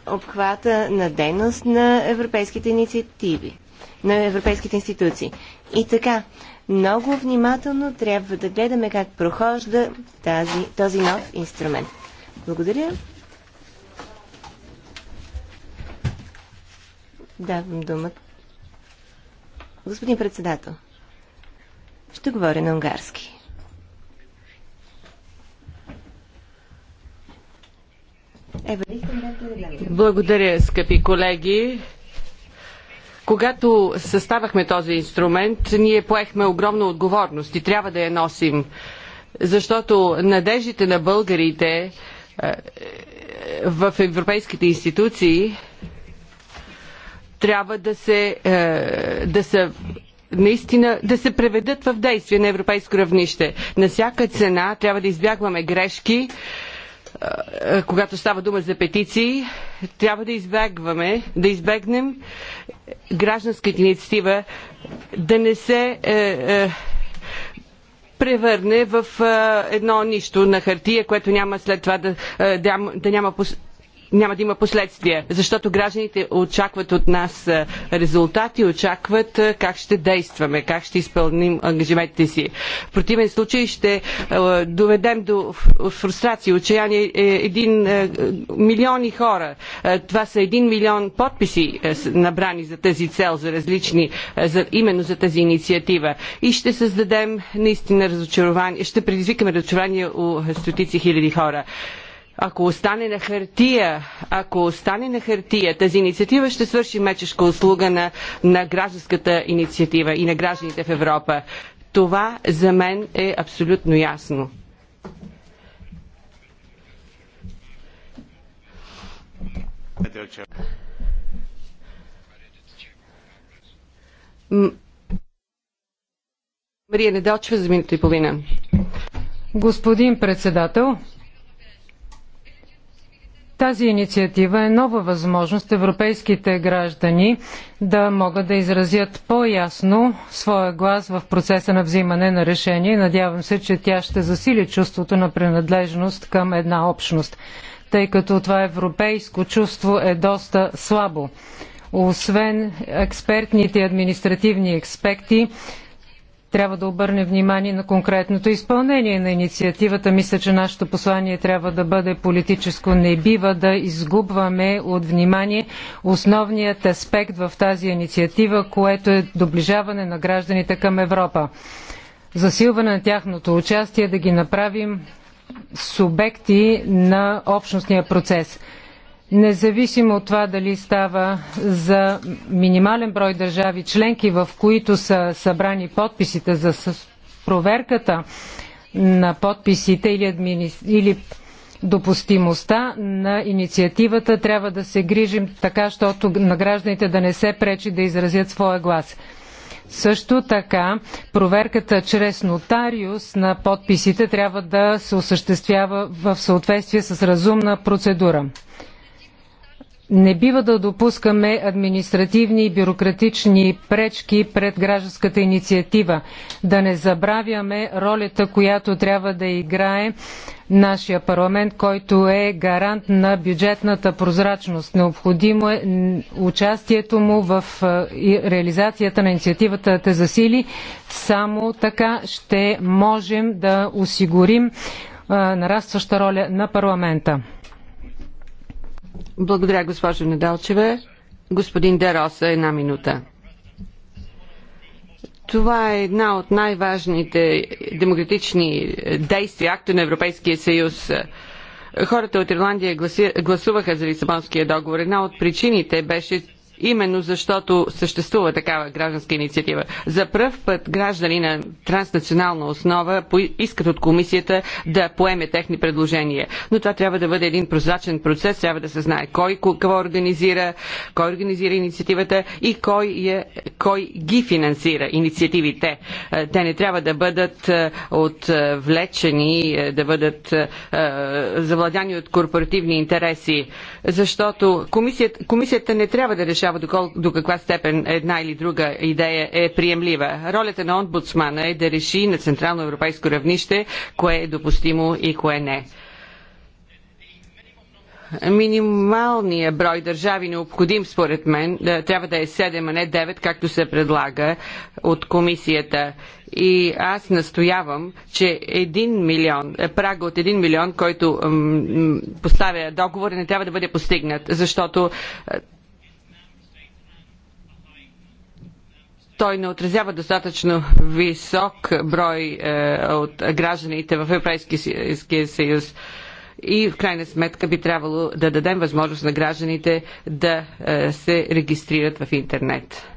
обхвата на дейност на европейските инициативи, на европейските институции. И така, много внимателно трябва да гледаме как прохожда тази, този нов инструмент. Благодаря. Давам думата. Господин председател, ще говоря на унгарски. Благодаря, скъпи колеги. Когато съставахме този инструмент, ние поехме огромна отговорност и трябва да я носим, защото надеждите на българите е, е, в европейските институции трябва да се е, да се наистина да се преведат в действие на европейско равнище. На всяка цена трябва да избягваме грешки, е, е, когато става дума за петиции, трябва да избягваме, да избегнем гражданската инициатива да не се е, е, превърне в е, едно нищо на хартия, което няма след това да, е, да, да няма няма да има последствия, защото гражданите очакват от нас е, резултати, очакват е, как ще действаме, как ще изпълним ангажиментите си. В противен случай ще е, доведем до фрустрация, отчаяние един милиони хора. Това са един милион подписи набрани за тази цел, за различни, за, именно за тази инициатива. И ще създадем наистина разочарование, ще предизвикаме разочарование у стотици хиляди хора ако остане на хартия, ако остане на хартия, тази инициатива ще свърши мечешка услуга на, на гражданската инициатива и на гражданите в Европа. Това за мен е абсолютно ясно. Мария Недалчева за минута и половина. Господин председател, тази инициатива е нова възможност европейските граждани да могат да изразят по-ясно своя глас в процеса на взимане на решение. Надявам се, че тя ще засили чувството на принадлежност към една общност, тъй като това европейско чувство е доста слабо. Освен експертните и административни експекти, трябва да обърне внимание на конкретното изпълнение на инициативата. Мисля, че нашето послание трябва да бъде политическо. Не бива да изгубваме от внимание основният аспект в тази инициатива, което е доближаване на гражданите към Европа. Засилване на тяхното участие, да ги направим субекти на общностния процес независимо от това дали става за минимален брой държави членки, в които са събрани подписите за проверката на подписите или, админи... или допустимостта на инициативата, трябва да се грижим така, защото на гражданите да не се пречи да изразят своя глас. Също така, проверката чрез нотариус на подписите трябва да се осъществява в съответствие с разумна процедура. Не бива да допускаме административни и бюрократични пречки пред гражданската инициатива. Да не забравяме ролята, която трябва да играе нашия парламент, който е гарант на бюджетната прозрачност. Необходимо е участието му в е, реализацията на инициативата да те засили. Само така ще можем да осигурим е, нарастваща роля на парламента. Благодаря, госпожо Недалчеве. Господин Дероса, една минута. Това е една от най-важните демократични действия, акта на Европейския съюз. Хората от Ирландия гласуваха за Лисабонския договор. Една от причините беше именно защото съществува такава гражданска инициатива. За пръв път граждани на транснационална основа искат от комисията да поеме техни предложения. Но това трябва да бъде един прозрачен процес, трябва да се знае кой какво организира, кой организира инициативата и кой, е, кой ги финансира инициативите. Е, те не трябва да бъдат е, отвлечени, е, да бъдат завладяни от корпоративни интереси, защото комисията, комисията не трябва да решава означава докол, до каква степен една или друга идея е приемлива. Ролята на омбудсмана е да реши на централно европейско равнище кое е допустимо и кое не минималния брой държави необходим според мен трябва да е 7, а не 9, както се предлага от комисията. И аз настоявам, че 1 милион, прага от 1 милион, който поставя договор, не трябва да бъде постигнат, защото той не отразява достатъчно висок брой е, от гражданите в Европейския съюз и в крайна сметка би трябвало да дадем възможност на гражданите да е, се регистрират в интернет.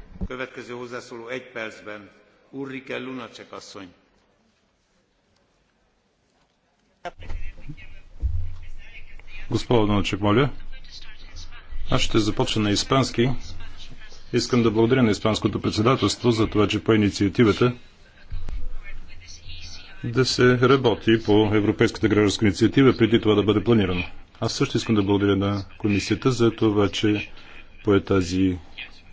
Госпожо че моля. Аз ще започна на испански, Искам да благодаря на Испанското председателство за това, че по инициативата да се работи по Европейската гражданска инициатива преди това да бъде планирано. Аз също искам да благодаря на комисията за това, че по тази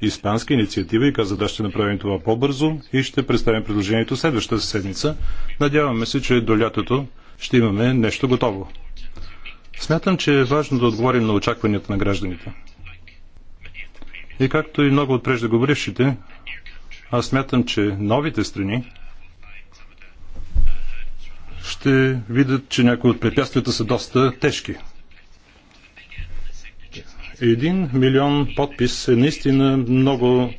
испанска инициатива и каза да ще направим това по-бързо и ще представим предложението следващата седмица. Надяваме се, че до лятото ще имаме нещо готово. Смятам, че е важно да отговорим на очакванията на гражданите. И както и много от преждеговорившите, аз смятам, че новите страни ще видят, че някои от препятствията са доста тежки. Един милион подпис е наистина много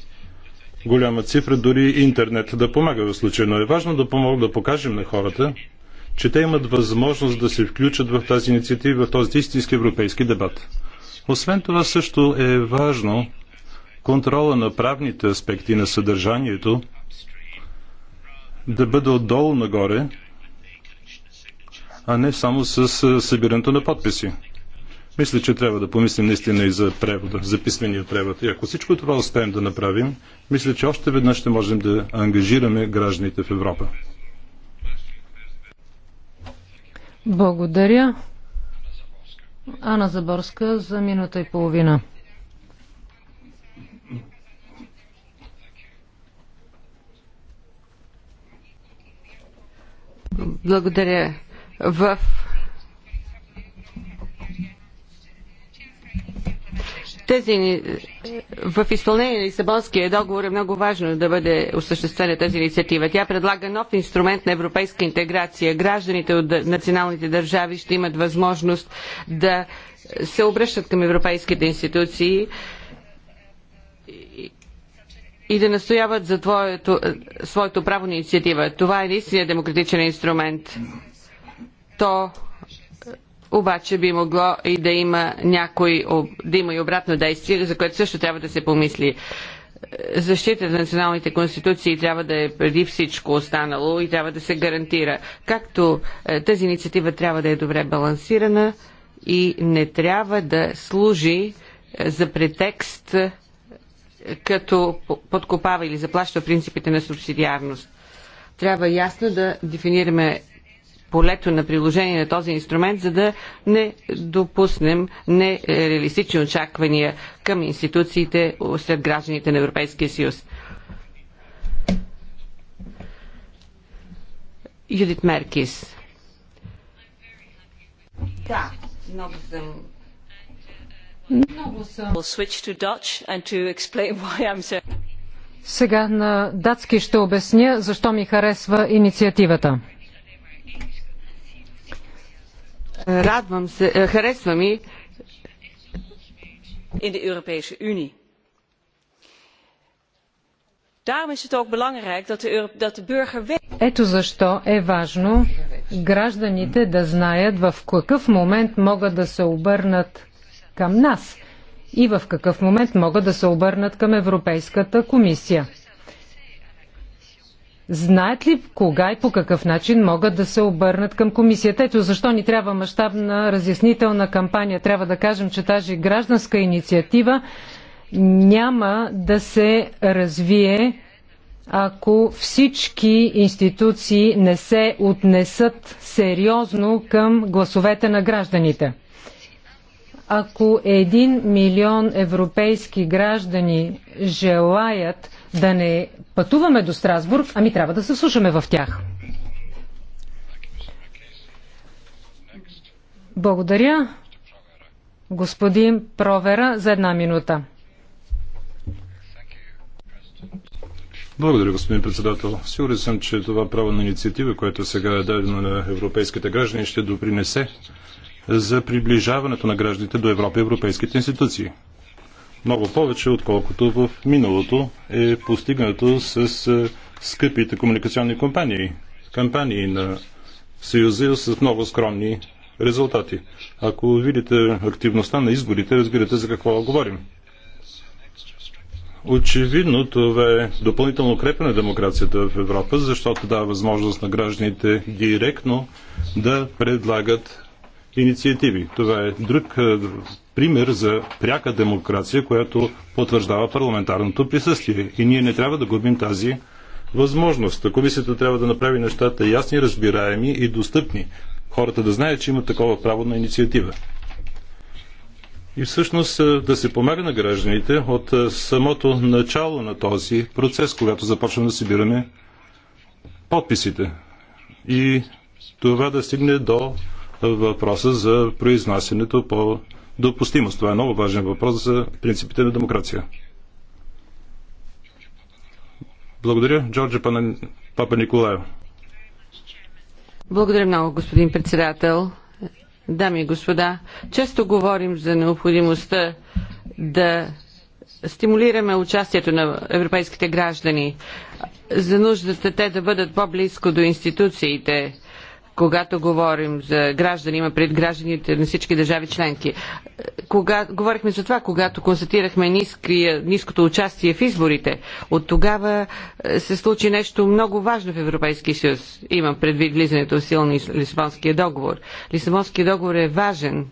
голяма цифра, дори интернет да помага в случая, но е важно да помогна да покажем на хората, че те имат възможност да се включат в тази инициатива, в този истински европейски дебат. Освен това също е важно контрола на правните аспекти на съдържанието да бъде отдолу нагоре, а не само с събирането на подписи. Мисля, че трябва да помислим наистина и за превода, за писмения превод. И ако всичко това успеем да направим, мисля, че още веднъж ще можем да ангажираме гражданите в Европа. Благодаря. Ана Заборска за минута и половина. Благодаря. В тези, в изпълнение на Лисабонския договор е много важно да бъде осъществена тази инициатива. Тя предлага нов инструмент на европейска интеграция. Гражданите от националните държави ще имат възможност да се обръщат към европейските институции и да настояват за твоето, своето право на инициатива. Това е наистина демократичен инструмент. То е, обаче би могло и да има някой, да има и обратно действие, за което също трябва да се помисли. Е, Защита на националните конституции трябва да е преди всичко останало и трябва да се гарантира. Както е, тази инициатива трябва да е добре балансирана и не трябва да служи за претекст като подкопава или заплаща принципите на субсидиарност. Трябва ясно да дефинираме полето на приложение на този инструмент, за да не допуснем нереалистични очаквания към институциите сред гражданите на Европейския съюз. Юдит Меркис. Да, много съм [laughs] Сега на датски ще обясня защо ми харесва инициативата. Радвам се, е, харесва ми in de Europese Unie. Daarom is het ook belangrijk dat de, dat de burger weet. Ето защо е важно гражданите да знаят в какъв момент могат да се обърнат към нас и в какъв момент могат да се обърнат към Европейската комисия. Знаят ли кога и по какъв начин могат да се обърнат към комисията? Ето защо ни трябва мащабна разяснителна кампания. Трябва да кажем, че тази гражданска инициатива няма да се развие, ако всички институции не се отнесат сериозно към гласовете на гражданите. Ако един милион европейски граждани желаят да не пътуваме до Страсбург, ами трябва да се слушаме в тях. Благодаря, господин Провера, за една минута. Благодаря, господин председател. Сигурен съм, че това право на инициатива, което сега е дадено на европейските граждани, ще допринесе за приближаването на гражданите до Европа и европейските институции. Много повече, отколкото в миналото е постигнато с е, скъпите комуникационни компании, кампании на Съюза с много скромни резултати. Ако видите активността на изборите, разбирате за какво говорим. Очевидно това е допълнително крепене на демокрацията в Европа, защото дава възможност на гражданите директно да предлагат инициативи. Това е друг е, пример за пряка демокрация, която потвърждава парламентарното присъствие. И ние не трябва да губим тази възможност. Комисията трябва да направи нещата ясни, разбираеми и достъпни. Хората да знаят, че имат такова право на инициатива. И всъщност е, да се помага на гражданите от е, самото начало на този процес, когато започваме да събираме подписите. И това да стигне до въпроса за произнасянето по допустимост. Това е много важен въпрос за принципите на демокрация. Благодаря. Джорджа Папа Николаев. Благодаря много, господин председател. Дами и господа, често говорим за необходимостта да стимулираме участието на европейските граждани за нуждата те да бъдат по-близко до институциите когато говорим за граждани, има пред гражданите на всички държави членки. Кога, говорихме за това, когато констатирахме ниски, ниското участие в изборите. От тогава е, се случи нещо много важно в Европейския съюз. Имам предвид влизането в силни Лисабонския договор. Лисабонския договор е важен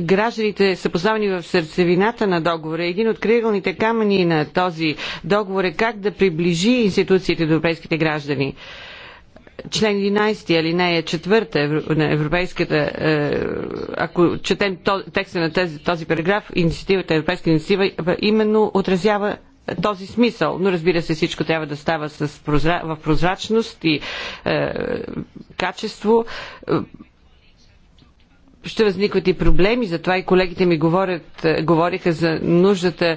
гражданите са познавани в сърцевината на договора. Е един от крайъгълните камъни на този договор е как да приближи институциите до европейските граждани член 11 алинея 4 на Европейската, е, ако четем текста на тези, този параграф, инициативата Европейска инициатива именно отразява този смисъл. Но разбира се, всичко трябва да става с прозра... в прозрачност и е, качество. Ще възникват и проблеми, затова и колегите ми говорят, е, говориха за нуждата е,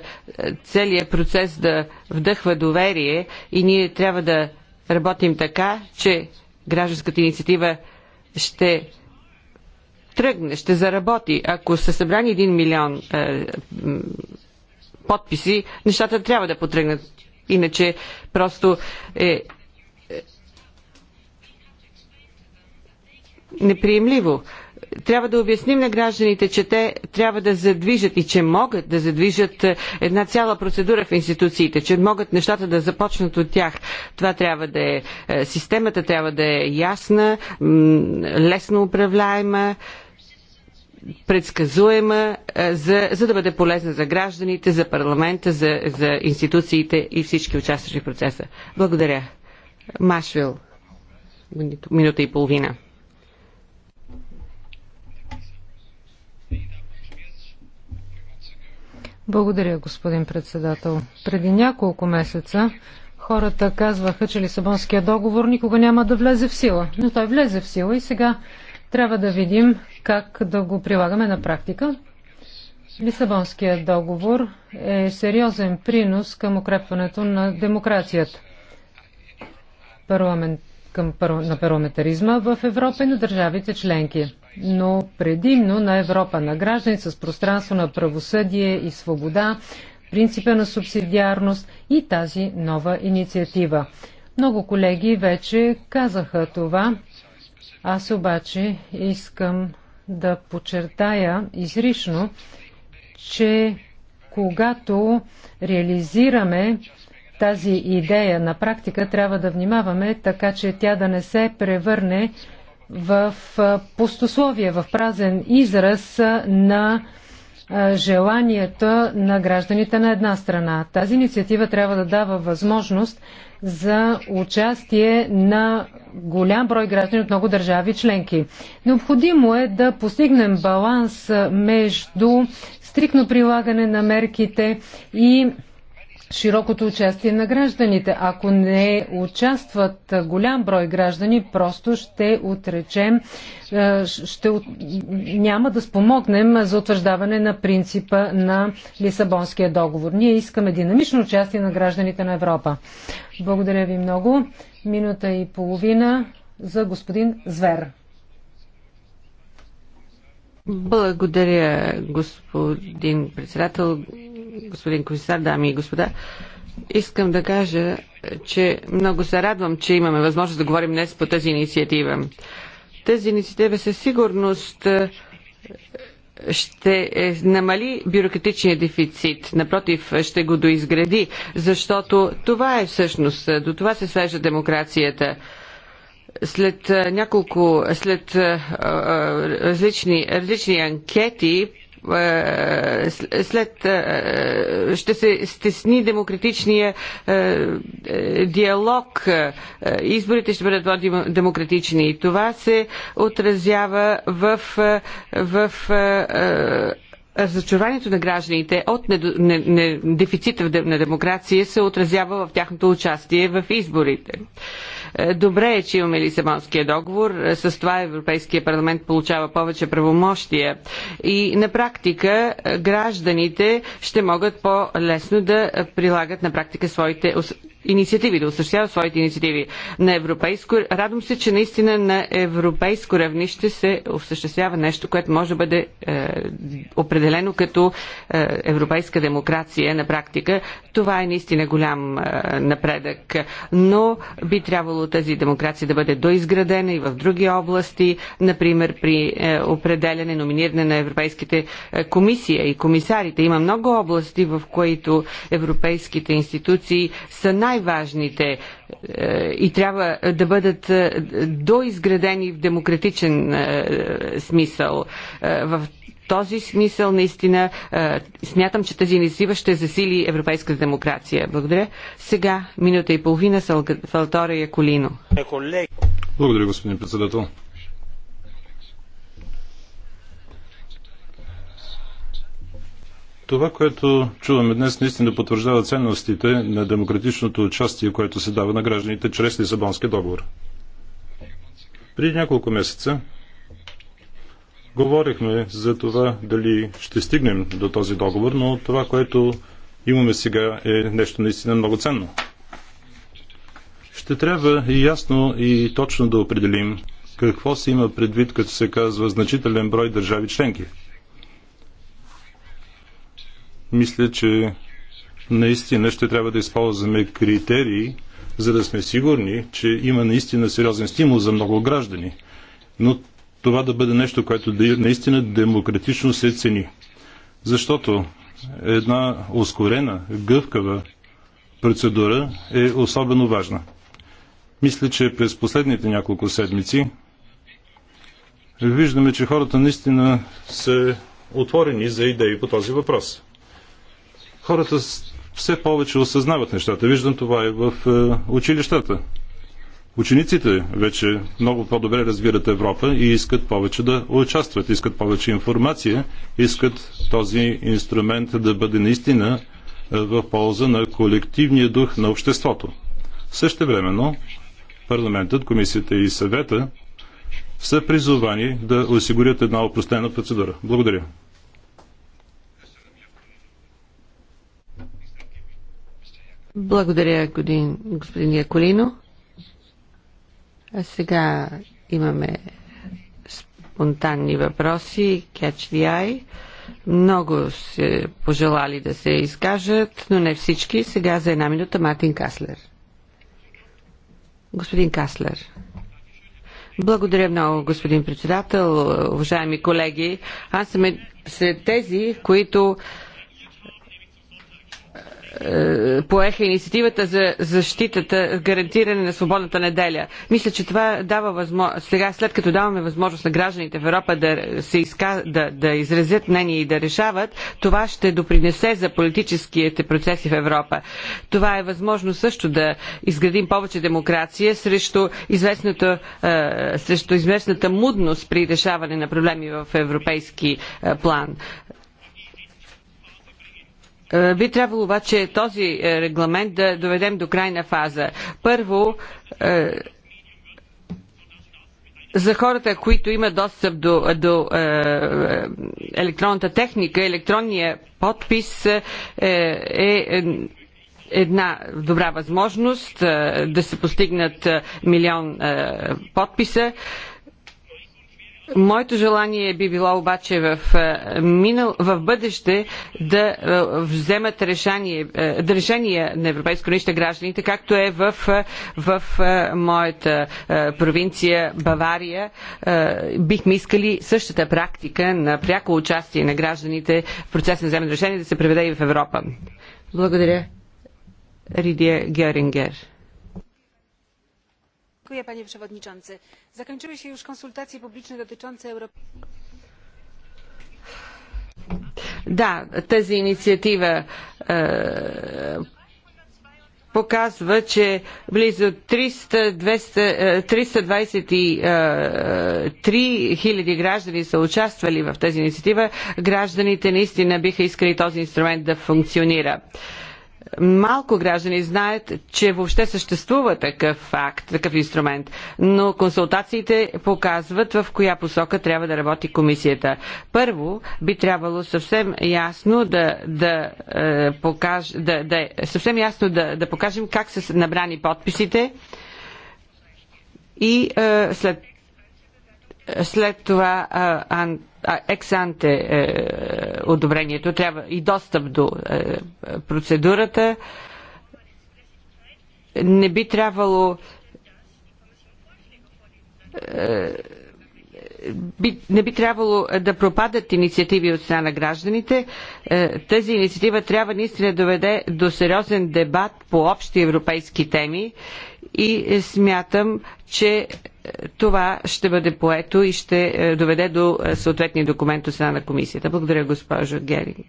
целият процес да вдъхва доверие и ние трябва да работим така, че гражданската инициатива ще тръгне, ще заработи. Ако са събрани 1 милион е, подписи, нещата трябва да потръгнат. Иначе просто е, е неприемливо трябва да обясним на гражданите, че те трябва да задвижат и че могат да задвижат е, една цяла процедура в институциите, че могат нещата да започнат от тях. Това трябва да е, е системата трябва да е ясна, лесно управляема, предсказуема, е, за, за да бъде полезна за гражданите, за парламента, за, за институциите и всички участващи в процеса. Благодаря. Машвил, минута и половина. Благодаря, господин председател. Преди няколко месеца хората казваха, че Лисабонския договор никога няма да влезе в сила. Но той влезе в сила и сега трябва да видим как да го прилагаме на практика. Лисабонския договор е сериозен принос към укрепването на демокрацията. Парламент към, на парламентаризма в Европа и на държавите членки, но предимно на Европа на граждани с пространство на правосъдие и свобода, принципа на субсидиарност и тази нова инициатива. Много колеги вече казаха това. Аз обаче искам да подчертая изрично, че когато реализираме тази идея на практика трябва да внимаваме, така че тя да не се превърне в пустословие, в празен израз на желанията на гражданите на една страна. Тази инициатива трябва да дава възможност за участие на голям брой граждани от много държави членки. Необходимо е да постигнем баланс между стрикно прилагане на мерките и широкото участие на гражданите. Ако не участват голям брой граждани, просто ще отречем, е, ще, няма да спомогнем за утвърждаване на принципа на Лисабонския договор. Ние искаме динамично участие на гражданите на Европа. Благодаря ви много. Минута и половина за господин Звер. Благодаря, господин председател, господин комисар, дами и господа. Искам да кажа, че много се радвам, че имаме възможност да говорим днес по тази инициатива. Тази инициатива със сигурност е, ще е, намали бюрократичния дефицит, напротив, ще го доизгради, защото това е всъщност, е, до това се свежда демокрацията след няколко, след а, различни, различни анкети е, след е, ще се стесни демократичния е, диалог. Изборите ще бъдат демократични и това се отразява в, в разочарованието на гражданите от не, не, дефицита на демокрация се отразява в тяхното участие в изборите. Е, добре е, че имаме Лисабонския договор. Е, с това Европейския парламент получава повече правомощия. И на практика е, гражданите ще могат по-лесно да прилагат на практика своите инициативи, да осъществява своите инициативи на европейско. Радвам се, че наистина на европейско равнище се осъществява нещо, което може да бъде е, определено като е, европейска демокрация на практика. Това е наистина голям е, напредък, но би трябвало тази демокрация да бъде доизградена и в други области, например при е, определене, номиниране на европейските е, комисия и комисарите. Има много области, в които европейските институции са най- най-важните е, и трябва да бъдат е, доизградени в демократичен е, смисъл. В този смисъл наистина смятам, че тази инициатива ще засили европейската демокрация. Благодаря. Сега минута и половина Фалтора Яколино. Благодаря, господин председател. Това, което чуваме днес, наистина потвърждава ценностите на демократичното участие, което се дава на гражданите чрез Лисабонския договор. При няколко месеца говорихме за това дали ще стигнем до този договор, но това, което имаме сега е нещо наистина много ценно. Ще трябва и ясно и точно да определим какво се има предвид, като се казва значителен брой държави членки – мисля, че наистина ще трябва да използваме критерии, за да сме сигурни, че има наистина сериозен стимул за много граждани. Но това да бъде нещо, което да наистина демократично се цени. Защото една ускорена, гъвкава процедура е особено важна. Мисля, че през последните няколко седмици виждаме, че хората наистина са отворени за идеи по този въпрос хората все повече осъзнават нещата. Виждам това и в е, училищата. Учениците вече много по-добре разбират Европа и искат повече да участват, искат повече информация, искат този инструмент да бъде наистина е, в полза на колективния дух на обществото. Също времено парламентът, комисията и съвета са призовани да осигурят една опростена процедура. Благодаря. Благодаря, господин, господин Яколино. А сега имаме спонтанни въпроси, catch the eye. Много се пожелали да се изкажат, но не всички. Сега за една минута Мартин Каслер. Господин Каслер. Благодаря много, господин председател, уважаеми колеги. Аз съм е- сред тези, които е, поеха инициативата за защитата, гарантиране на свободната неделя. Мисля, че това дава възможност, сега след като даваме възможност на гражданите в Европа да, се изка... да, да изразят мнение и да решават, това ще допринесе за политическите процеси в Европа. Това е възможно също да изградим повече демокрация срещу, известната, е, срещу известната мудност при решаване на проблеми в европейски е, план. Е, би трябвало обаче този е, регламент да доведем до крайна фаза. Първо, е, за хората, които имат достъп до, до електронната техника, електронния подпис е, една добра възможност да се постигнат милион подписа. Моето желание би било обаче в, е, минал, в бъдеще да е, вземат решение, е, да решение на европейско нище гражданите, както е в, в моята провинция Бавария. Бихме искали същата практика на пряко участие на гражданите в процес на вземане решение да се преведе и в Европа. Благодаря. Ридия Герингер panie przewodniczący! zakończyły się już konsultacje publiczne dotyczące europejskiej. Да, тази инициатива показва, че близо 300, 200, 323 хиляди граждани са участвали в тази инициатива. Гражданите наистина биха искали този инструмент да функционира. Uh, Малко граждани знаят, че въобще съществува такъв факт, такъв инструмент, но консултациите показват в коя посока трябва да работи комисията. Първо, би трябвало съвсем ясно да, да, е, покаж, да, да, съвсем ясно да, да покажем как са набрани подписите и е, след след това ексанте е, одобрението трябва и достъп до е, процедурата. Не би трябвало е, би, не би трябвало да пропадат инициативи от страна на гражданите. Тази инициатива трябва наистина да доведе до сериозен дебат по общи европейски теми и смятам, че това ще бъде поето и ще е, доведе до е, съответния документ от страна на комисията. Благодаря, госпожо Геринг.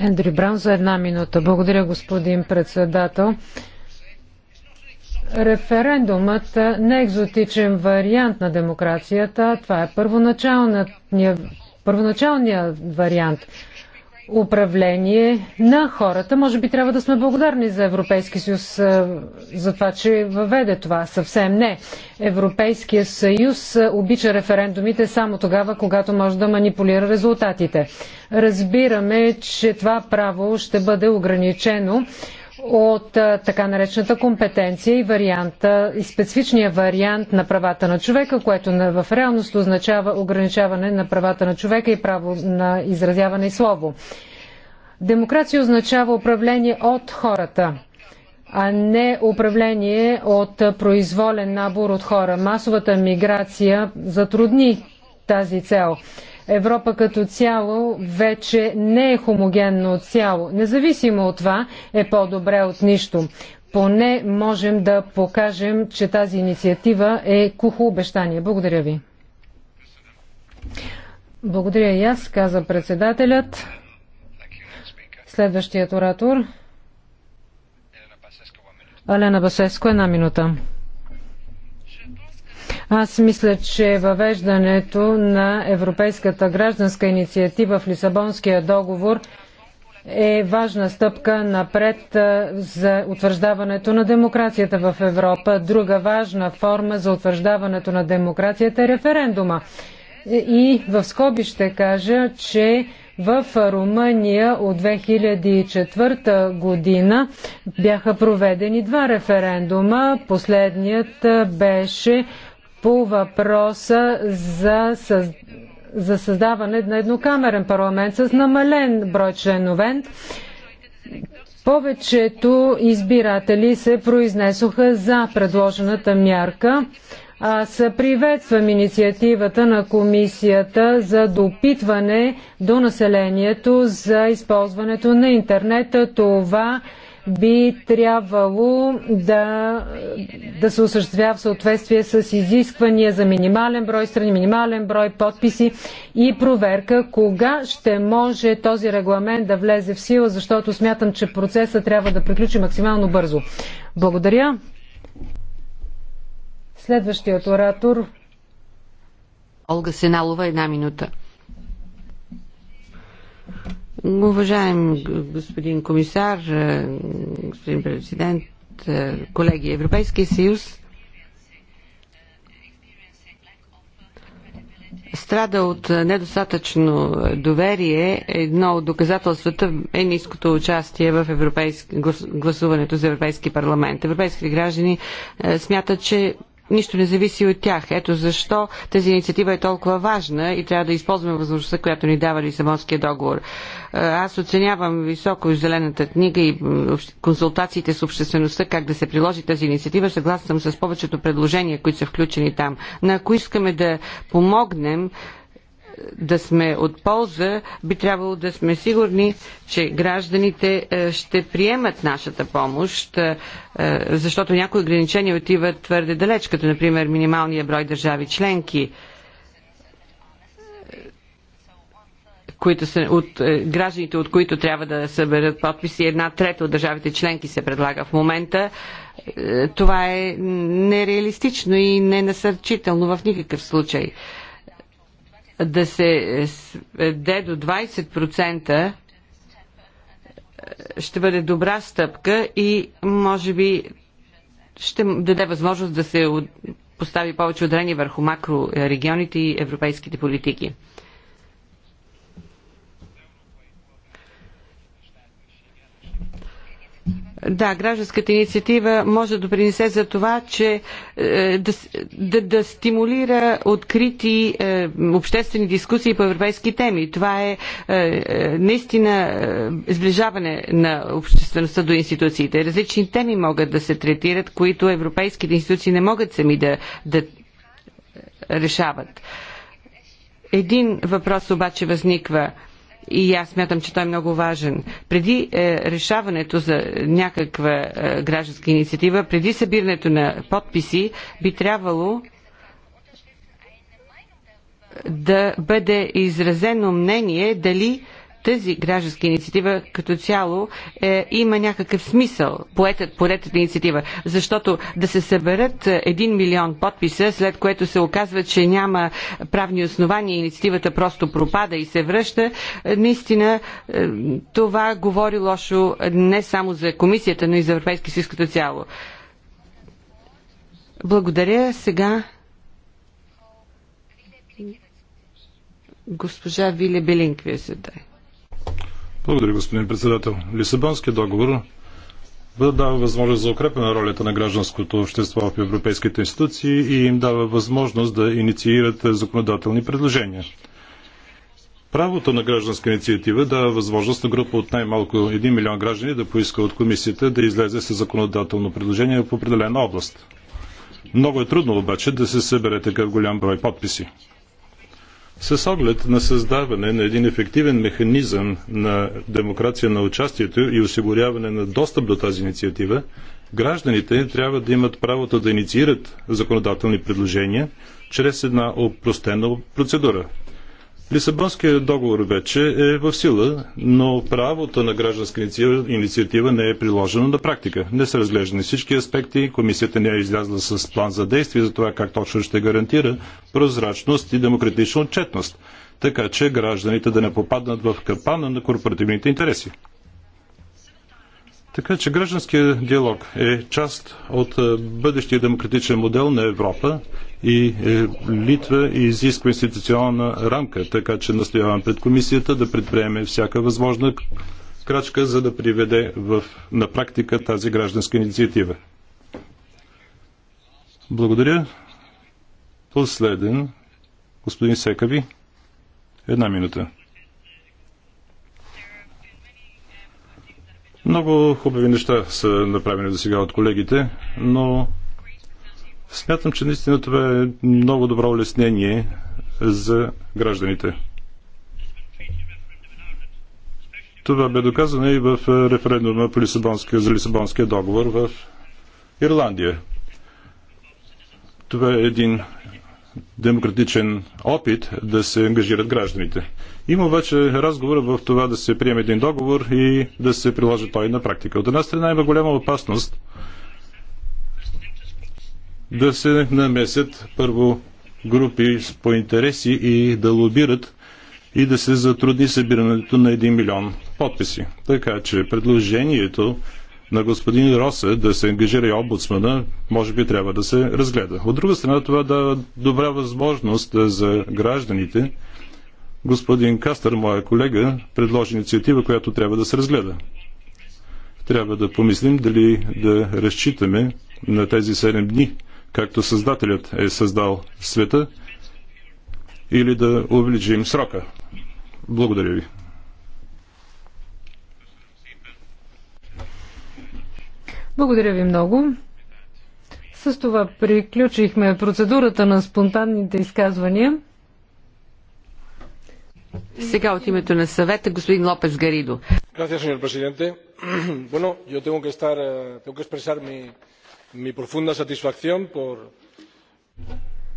Ендри Браун за една минута. Благодаря, господин председател. Референдумът не е екзотичен вариант на демокрацията. Това е първоначалният вариант управление на хората. Може би трябва да сме благодарни за Европейски съюз за това, че въведе това. Съвсем не. Европейския съюз обича референдумите само тогава, когато може да манипулира резултатите. Разбираме, че това право ще бъде ограничено от така наречената компетенция и варианта, и специфичния вариант на правата на човека, което в реалност означава ограничаване на правата на човека и право на изразяване и слово. Демокрация означава управление от хората, а не управление от произволен набор от хора. Масовата миграция затрудни тази цел. Европа като цяло вече не е хомогенно цяло. Независимо от това е по-добре от нищо. Поне можем да покажем, че тази инициатива е кухо обещание. Благодаря ви. Благодаря и аз, каза председателят. Следващият оратор. Алена Басеско, една минута. Аз мисля, че въвеждането на Европейската гражданска инициатива в Лисабонския договор е важна стъпка напред за утвърждаването на демокрацията в Европа. Друга важна форма за утвърждаването на демокрацията е референдума. И в скоби ще кажа, че в Румъния от 2004 година бяха проведени два референдума. Последният беше по въпроса за, съз... за създаване на еднокамерен парламент с намален брой членове. Повечето избиратели се произнесоха за предложената мярка. Аз приветствам инициативата на комисията за допитване до населението за използването на интернета. Това би трябвало да, да се осъществява в съответствие с изисквания за минимален брой страни, минимален брой подписи и проверка кога ще може този регламент да влезе в сила, защото смятам, че процеса трябва да приключи максимално бързо. Благодаря. Следващият оратор. Олга Сеналова, една минута. Уважаем господин комисар, господин президент, колеги, Европейския съюз страда от недостатъчно доверие. Едно от доказателствата е ниското участие в европейски, гласуването за Европейски парламент. Европейските граждани е, смятат, че нищо не зависи от тях. Ето защо тази инициатива е толкова важна и трябва да използваме възможността, която ни дава Лисабонския договор. Аз оценявам високо зелената книга и консултациите с обществеността как да се приложи тази инициатива. Съгласен съм с повечето предложения, които са включени там. Но ако искаме да помогнем, да сме от полза, би трябвало да сме сигурни, че гражданите е, ще приемат нашата помощ, е, е, защото някои ограничения отиват твърде далеч, като например минималния брой държави членки. които са от гражданите, от които трябва да съберат подписи. Една трета от държавите членки се предлага в момента. това е нереалистично и ненасърчително в никакъв случай да се де до 20% е, ще бъде добра стъпка и може би ще даде възможност да се постави повече ударение върху макрорегионите и европейските политики. Да, гражданската инициатива може да допринесе за това, че е, да, да, да стимулира открити е, обществени дискусии по европейски теми. Това е, е наистина сближаване на обществеността до институциите. Различни теми могат да се третират, които европейските институции не могат сами да, да решават. Един въпрос обаче възниква и аз смятам, че той е много важен. Преди е, решаването за някаква е, гражданска инициатива, преди събирането на подписи, би трябвало да бъде изразено мнение дали е, тази гражданска инициатива като цяло е, има някакъв смисъл, поетът, поетът инициатива, защото да се съберат 1 е, милион подписа, след което се оказва, че няма правни основания, инициативата просто пропада и се връща, е, наистина е, това говори лошо не само за комисията, но и за Европейския съюз като цяло. Благодаря. Сега госпожа Виле Белинквия се дай. Благодаря, господин председател. Лисабонския договор дава възможност за укрепване на ролята на гражданското общество в европейските институции и им дава възможност да инициират законодателни предложения. Правото на гражданска инициатива дава възможност на група от най-малко 1 милион граждани да поиска от комисията да излезе с законодателно предложение в определена област. Много е трудно обаче да се събере такъв голям брой подписи с оглед на създаване на един ефективен механизъм на демокрация на участието и осигуряване на достъп до тази инициатива, гражданите трябва да имат правото да инициират законодателни предложения чрез една опростена процедура. Лисабонският договор вече е в сила, но правото на гражданска инициатива не е приложено на практика. Не са разглеждани всички аспекти, комисията не е излязла с план за действие за това как точно ще гарантира прозрачност и демократична отчетност, така че гражданите да не попаднат в капана на корпоративните интереси. Така че гражданският диалог е част от е, бъдещия демократичен модел на Европа и е, Литва изисква институционална рамка, така че настоявам пред комисията да предприеме всяка възможна крачка, за да приведе в, на практика тази гражданска инициатива. Благодаря. Последен, господин Секави, една минута. Много хубави неща са направени до сега от колегите, но смятам, че наистина това е много добро улеснение за гражданите. Това бе доказано и в референдума по Лисабонския, за Лисабонския договор в Ирландия. Това е един демократичен опит да се ангажират гражданите. Има обаче разговор в това да се приеме един договор и да се приложи той на практика. От една страна има голяма опасност да се намесят първо групи по интереси и да лобират и да се затрудни събирането на 1 милион подписи. Така че предложението на господин Росе да се ангажира и омбудсмана, може би трябва да се разгледа. От друга страна, това дава добра възможност за гражданите. Господин Кастър, моя колега, предложи инициатива, която трябва да се разгледа. Трябва да помислим дали да разчитаме на тези 7 дни, както Създателят е създал света, или да увеличим срока. Благодаря ви. Благодаря ви много. С това приключихме процедурата на спонтанните изказвания. Сега от името на съвета господин Лопес Гаридо. [clears throat]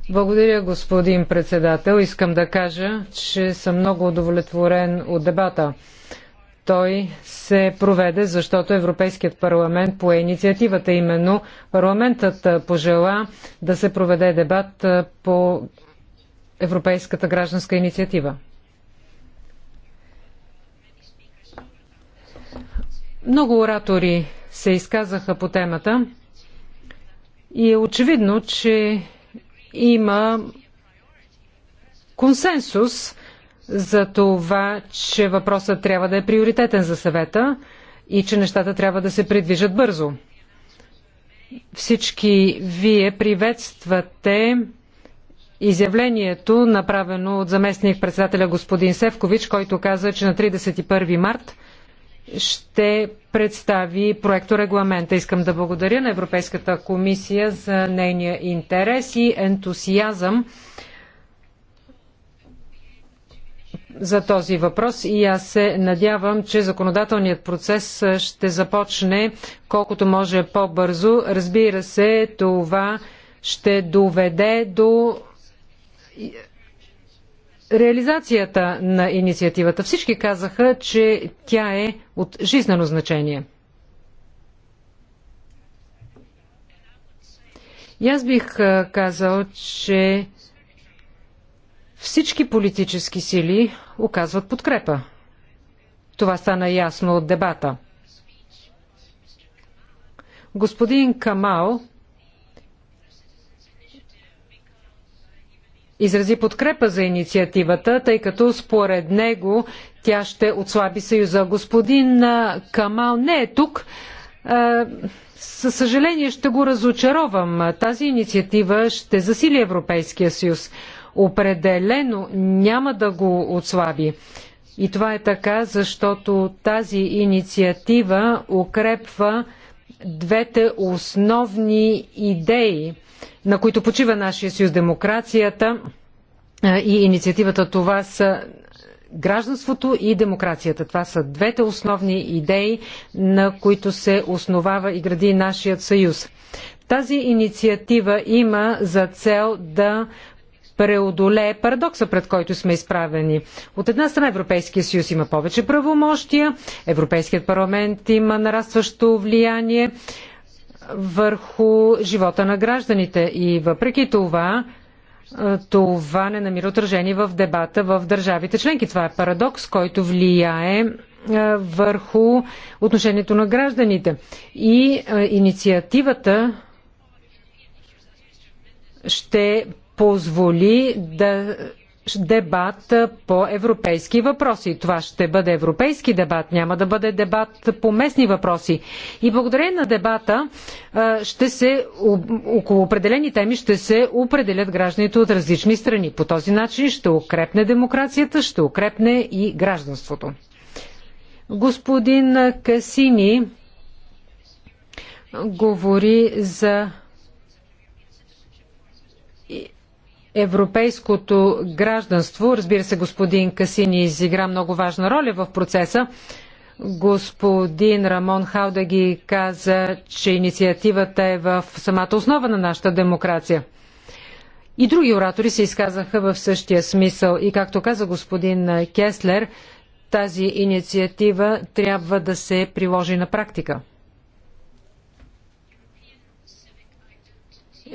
Eh, Благодаря, господин председател. Искам да кажа, че съм много удовлетворен от дебата той се проведе, защото Европейският парламент пое инициативата. Именно парламентът пожела да се проведе дебат по Европейската гражданска инициатива. Много оратори се изказаха по темата и е очевидно, че има консенсус за това, че въпросът трябва да е приоритетен за съвета и че нещата трябва да се придвижат бързо. Всички вие приветствате изявлението, направено от заместник председателя господин Севкович, който каза, че на 31 март ще представи проекто регламента. Искам да благодаря на Европейската комисия за нейния интерес и ентусиазъм за този въпрос и аз се надявам, че законодателният процес ще започне колкото може по-бързо. Разбира се, това ще доведе до реализацията на инициативата. Всички казаха, че тя е от жизнено значение. И аз бих казал, че всички политически сили оказват подкрепа. Това стана ясно от дебата. Господин Камал изрази подкрепа за инициативата, тъй като според него тя ще отслаби съюза. Господин Камал не е тук. Със съжаление ще го разочаровам. Тази инициатива ще засили Европейския съюз определено няма да го отслаби. И това е така, защото тази инициатива укрепва двете основни идеи, на които почива нашия съюз демокрацията и инициативата. Това са гражданството и демокрацията. Това са двете основни идеи, на които се основава и гради нашият съюз. Тази инициатива има за цел да преодолее парадокса, пред който сме изправени. От една страна Европейския съюз има повече правомощия, Европейският парламент има нарастващо влияние върху живота на гражданите и въпреки това това не намира отражение в дебата в държавите членки. Това е парадокс, който влияе върху отношението на гражданите. И инициативата ще позволи да дебат по европейски въпроси. Това ще бъде европейски дебат, няма да бъде дебат по местни въпроси. И благодарение на дебата ще се, около определени теми ще се определят гражданите от различни страни. По този начин ще укрепне демокрацията, ще укрепне и гражданството. Господин Касини говори за европейското гражданство. Разбира се, господин Касини изигра много важна роля в процеса. Господин Рамон Хаудаги каза, че инициативата е в самата основа на нашата демокрация. И други оратори се изказаха в същия смисъл. И както каза господин Кеслер, тази инициатива трябва да се приложи на практика.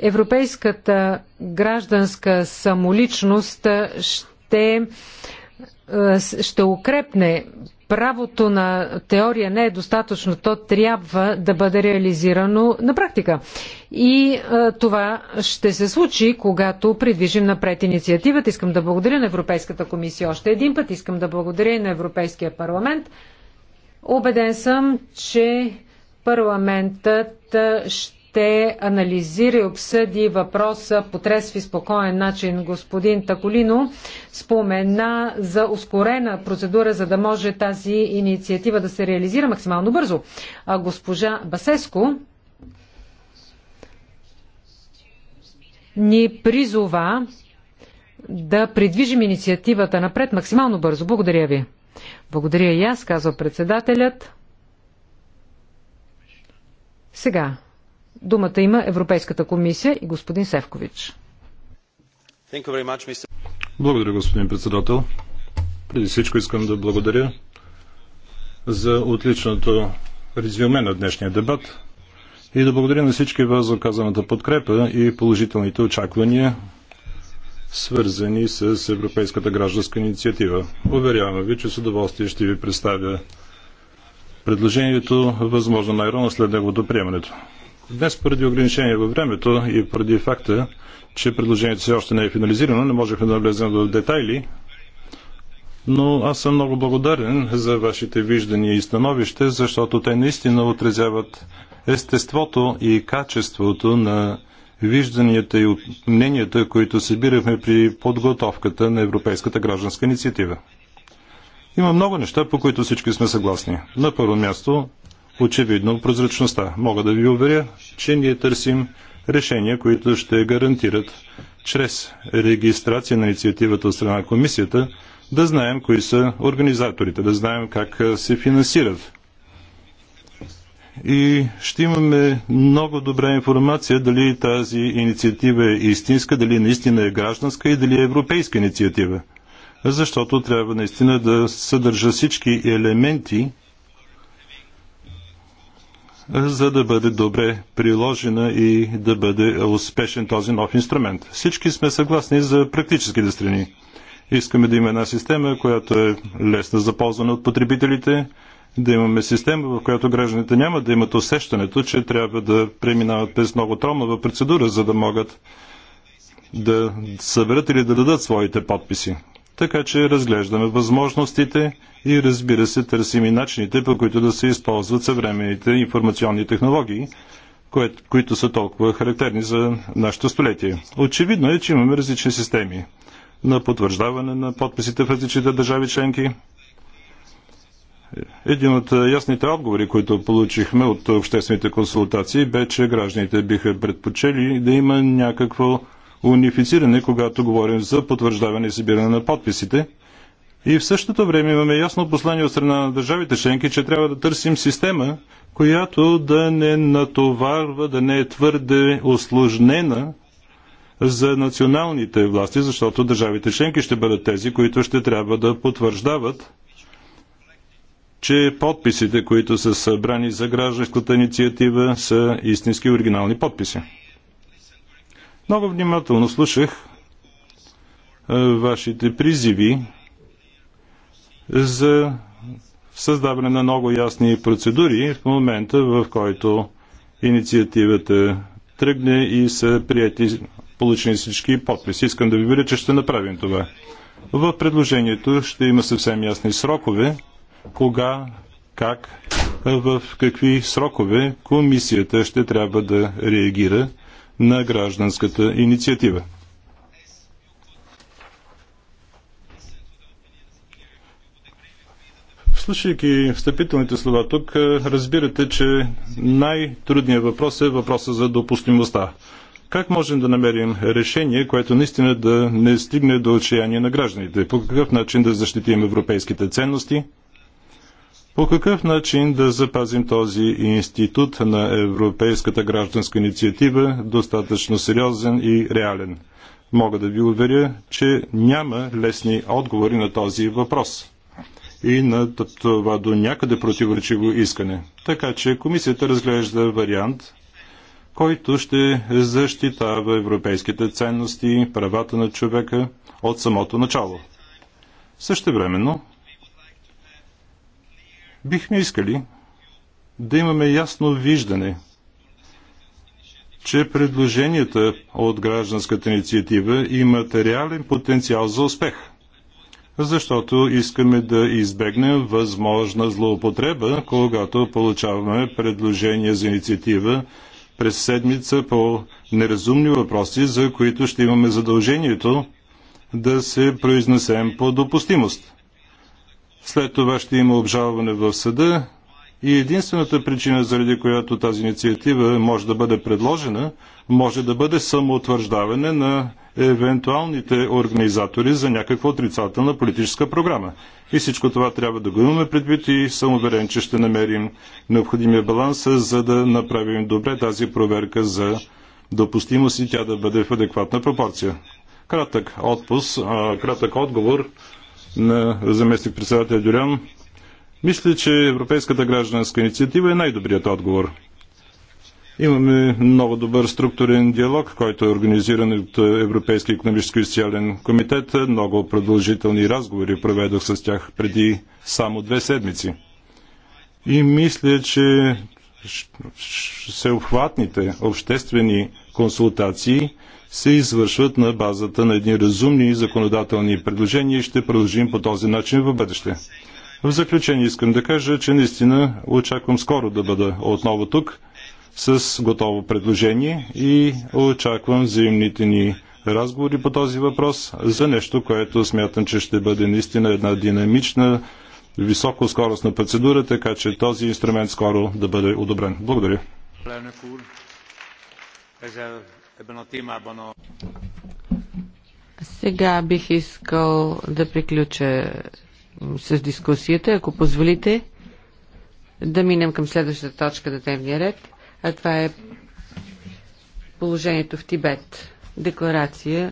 европейската гражданска самоличност ще, е, ще укрепне. Правото на теория не е достатъчно, то трябва да бъде реализирано на практика. И а, е, това ще се случи, когато придвижим напред инициативата. Искам да благодаря на Европейската комисия още един път, искам да благодаря и на Европейския парламент. Обеден съм, че парламентът е, ще ще анализира и обсъди въпроса по трезв и спокоен начин. Господин Таколино спомена за ускорена процедура, за да може тази инициатива да се реализира максимално бързо. А госпожа Басеско ни призова да придвижим инициативата напред максимално бързо. Благодаря ви. Благодаря и аз, казва председателят. Сега Думата има Европейската комисия и господин Севкович. Благодаря, господин председател. Преди всичко искам да благодаря за отличното резюме на днешния дебат и да благодаря на всички вас за оказаната подкрепа и положителните очаквания, свързани с Европейската гражданска инициатива. Уверявам ви, че с удоволствие ще ви представя предложението, възможно най-рано след неговото приемането. Днес поради ограничение във времето и поради факта, че предложението все още не е финализирано, не можехме да влезем в детайли, но аз съм много благодарен за вашите виждания и становище, защото те наистина отразяват естеството и качеството на вижданията и мненията, които събирахме при подготовката на Европейската гражданска инициатива. Има много неща, по които всички сме съгласни. На първо място очевидно прозрачността. Мога да ви уверя, че ние търсим решения, които ще гарантират чрез регистрация на инициативата от страна на комисията да знаем кои са организаторите, да знаем как се финансират. И ще имаме много добра информация дали тази инициатива е истинска, дали наистина е гражданска и дали е европейска инициатива. Защото трябва наистина да съдържа всички елементи, за да бъде добре приложена и да бъде успешен този нов инструмент. Всички сме съгласни за практическите страни. Искаме да има една система, която е лесна за ползване от потребителите, да имаме система, в която гражданите няма да имат усещането, че трябва да преминават през много тромава процедура, за да могат да съберат или да дадат своите подписи. Така че разглеждаме възможностите и разбира се търсим и начините, по които да се използват съвременните информационни технологии, които са толкова характерни за нашето столетие. Очевидно е, че имаме различни системи на потвърждаване на подписите в различните държави членки. Един от ясните отговори, които получихме от обществените консултации, бе, че гражданите биха предпочели да има някакво унифициране, когато говорим за потвърждаване и събиране на подписите. И в същото време имаме ясно послание от страна на държавите членки, че трябва да търсим система, която да не натоварва, да не е твърде осложнена за националните власти, защото държавите членки ще бъдат тези, които ще трябва да потвърждават, че подписите, които са събрани за гражданската инициатива, са истински оригинални подписи. Много внимателно слушах е, вашите призиви за създаване на много ясни процедури в момента, в който инициативата тръгне и са прияти получени всички подписи. Искам да ви уверя, че ще направим това. В предложението ще има съвсем ясни срокове, кога, как, в какви срокове комисията ще трябва да реагира на гражданската инициатива. Слушайки встъпителните слова тук, разбирате, че най-трудният въпрос е въпроса за допустимостта. Как можем да намерим решение, което наистина да не стигне до отчаяние на гражданите? По какъв начин да защитим европейските ценности – по какъв начин да запазим този институт на Европейската гражданска инициатива достатъчно сериозен и реален? Мога да ви уверя, че няма лесни отговори на този въпрос и на това до някъде противоречиво искане. Така че комисията разглежда вариант, който ще защитава европейските ценности, правата на човека от самото начало. Същевременно, Бихме искали да имаме ясно виждане, че предложенията от гражданската инициатива имат реален потенциал за успех, защото искаме да избегнем възможна злоупотреба, когато получаваме предложения за инициатива през седмица по неразумни въпроси, за които ще имаме задължението да се произнесем по допустимост. След това ще има обжалване в съда и единствената причина, заради която тази инициатива може да бъде предложена, може да бъде самоутвърждаване на евентуалните организатори за някаква отрицателна политическа програма. И всичко това трябва да го имаме предвид и съм уверен, че ще намерим необходимия баланс, за да направим добре тази проверка за допустимост и тя да бъде в адекватна пропорция. Кратък отпуск, кратък отговор на заместник председателя Дюрян. Мисля, че Европейската гражданска инициатива е най-добрият отговор. Имаме много добър структурен диалог, който е организиран от Европейския економически и социален комитет. Много продължителни разговори проведох с тях преди само две седмици. И мисля, че всеобхватните обществени консултации – се извършват на базата на едни разумни законодателни предложения и ще продължим по този начин в бъдеще. В заключение искам да кажа, че наистина очаквам скоро да бъда отново тук с готово предложение и очаквам взаимните ни разговори по този въпрос за нещо, което смятам, че ще бъде наистина една динамична, високоскоростна процедура, така че този инструмент скоро да бъде одобрен. Благодаря. Сега бих искал да приключа с дискусията, ако позволите да минем към следващата точка на дневния ред, а това е положението в Тибет. Декларация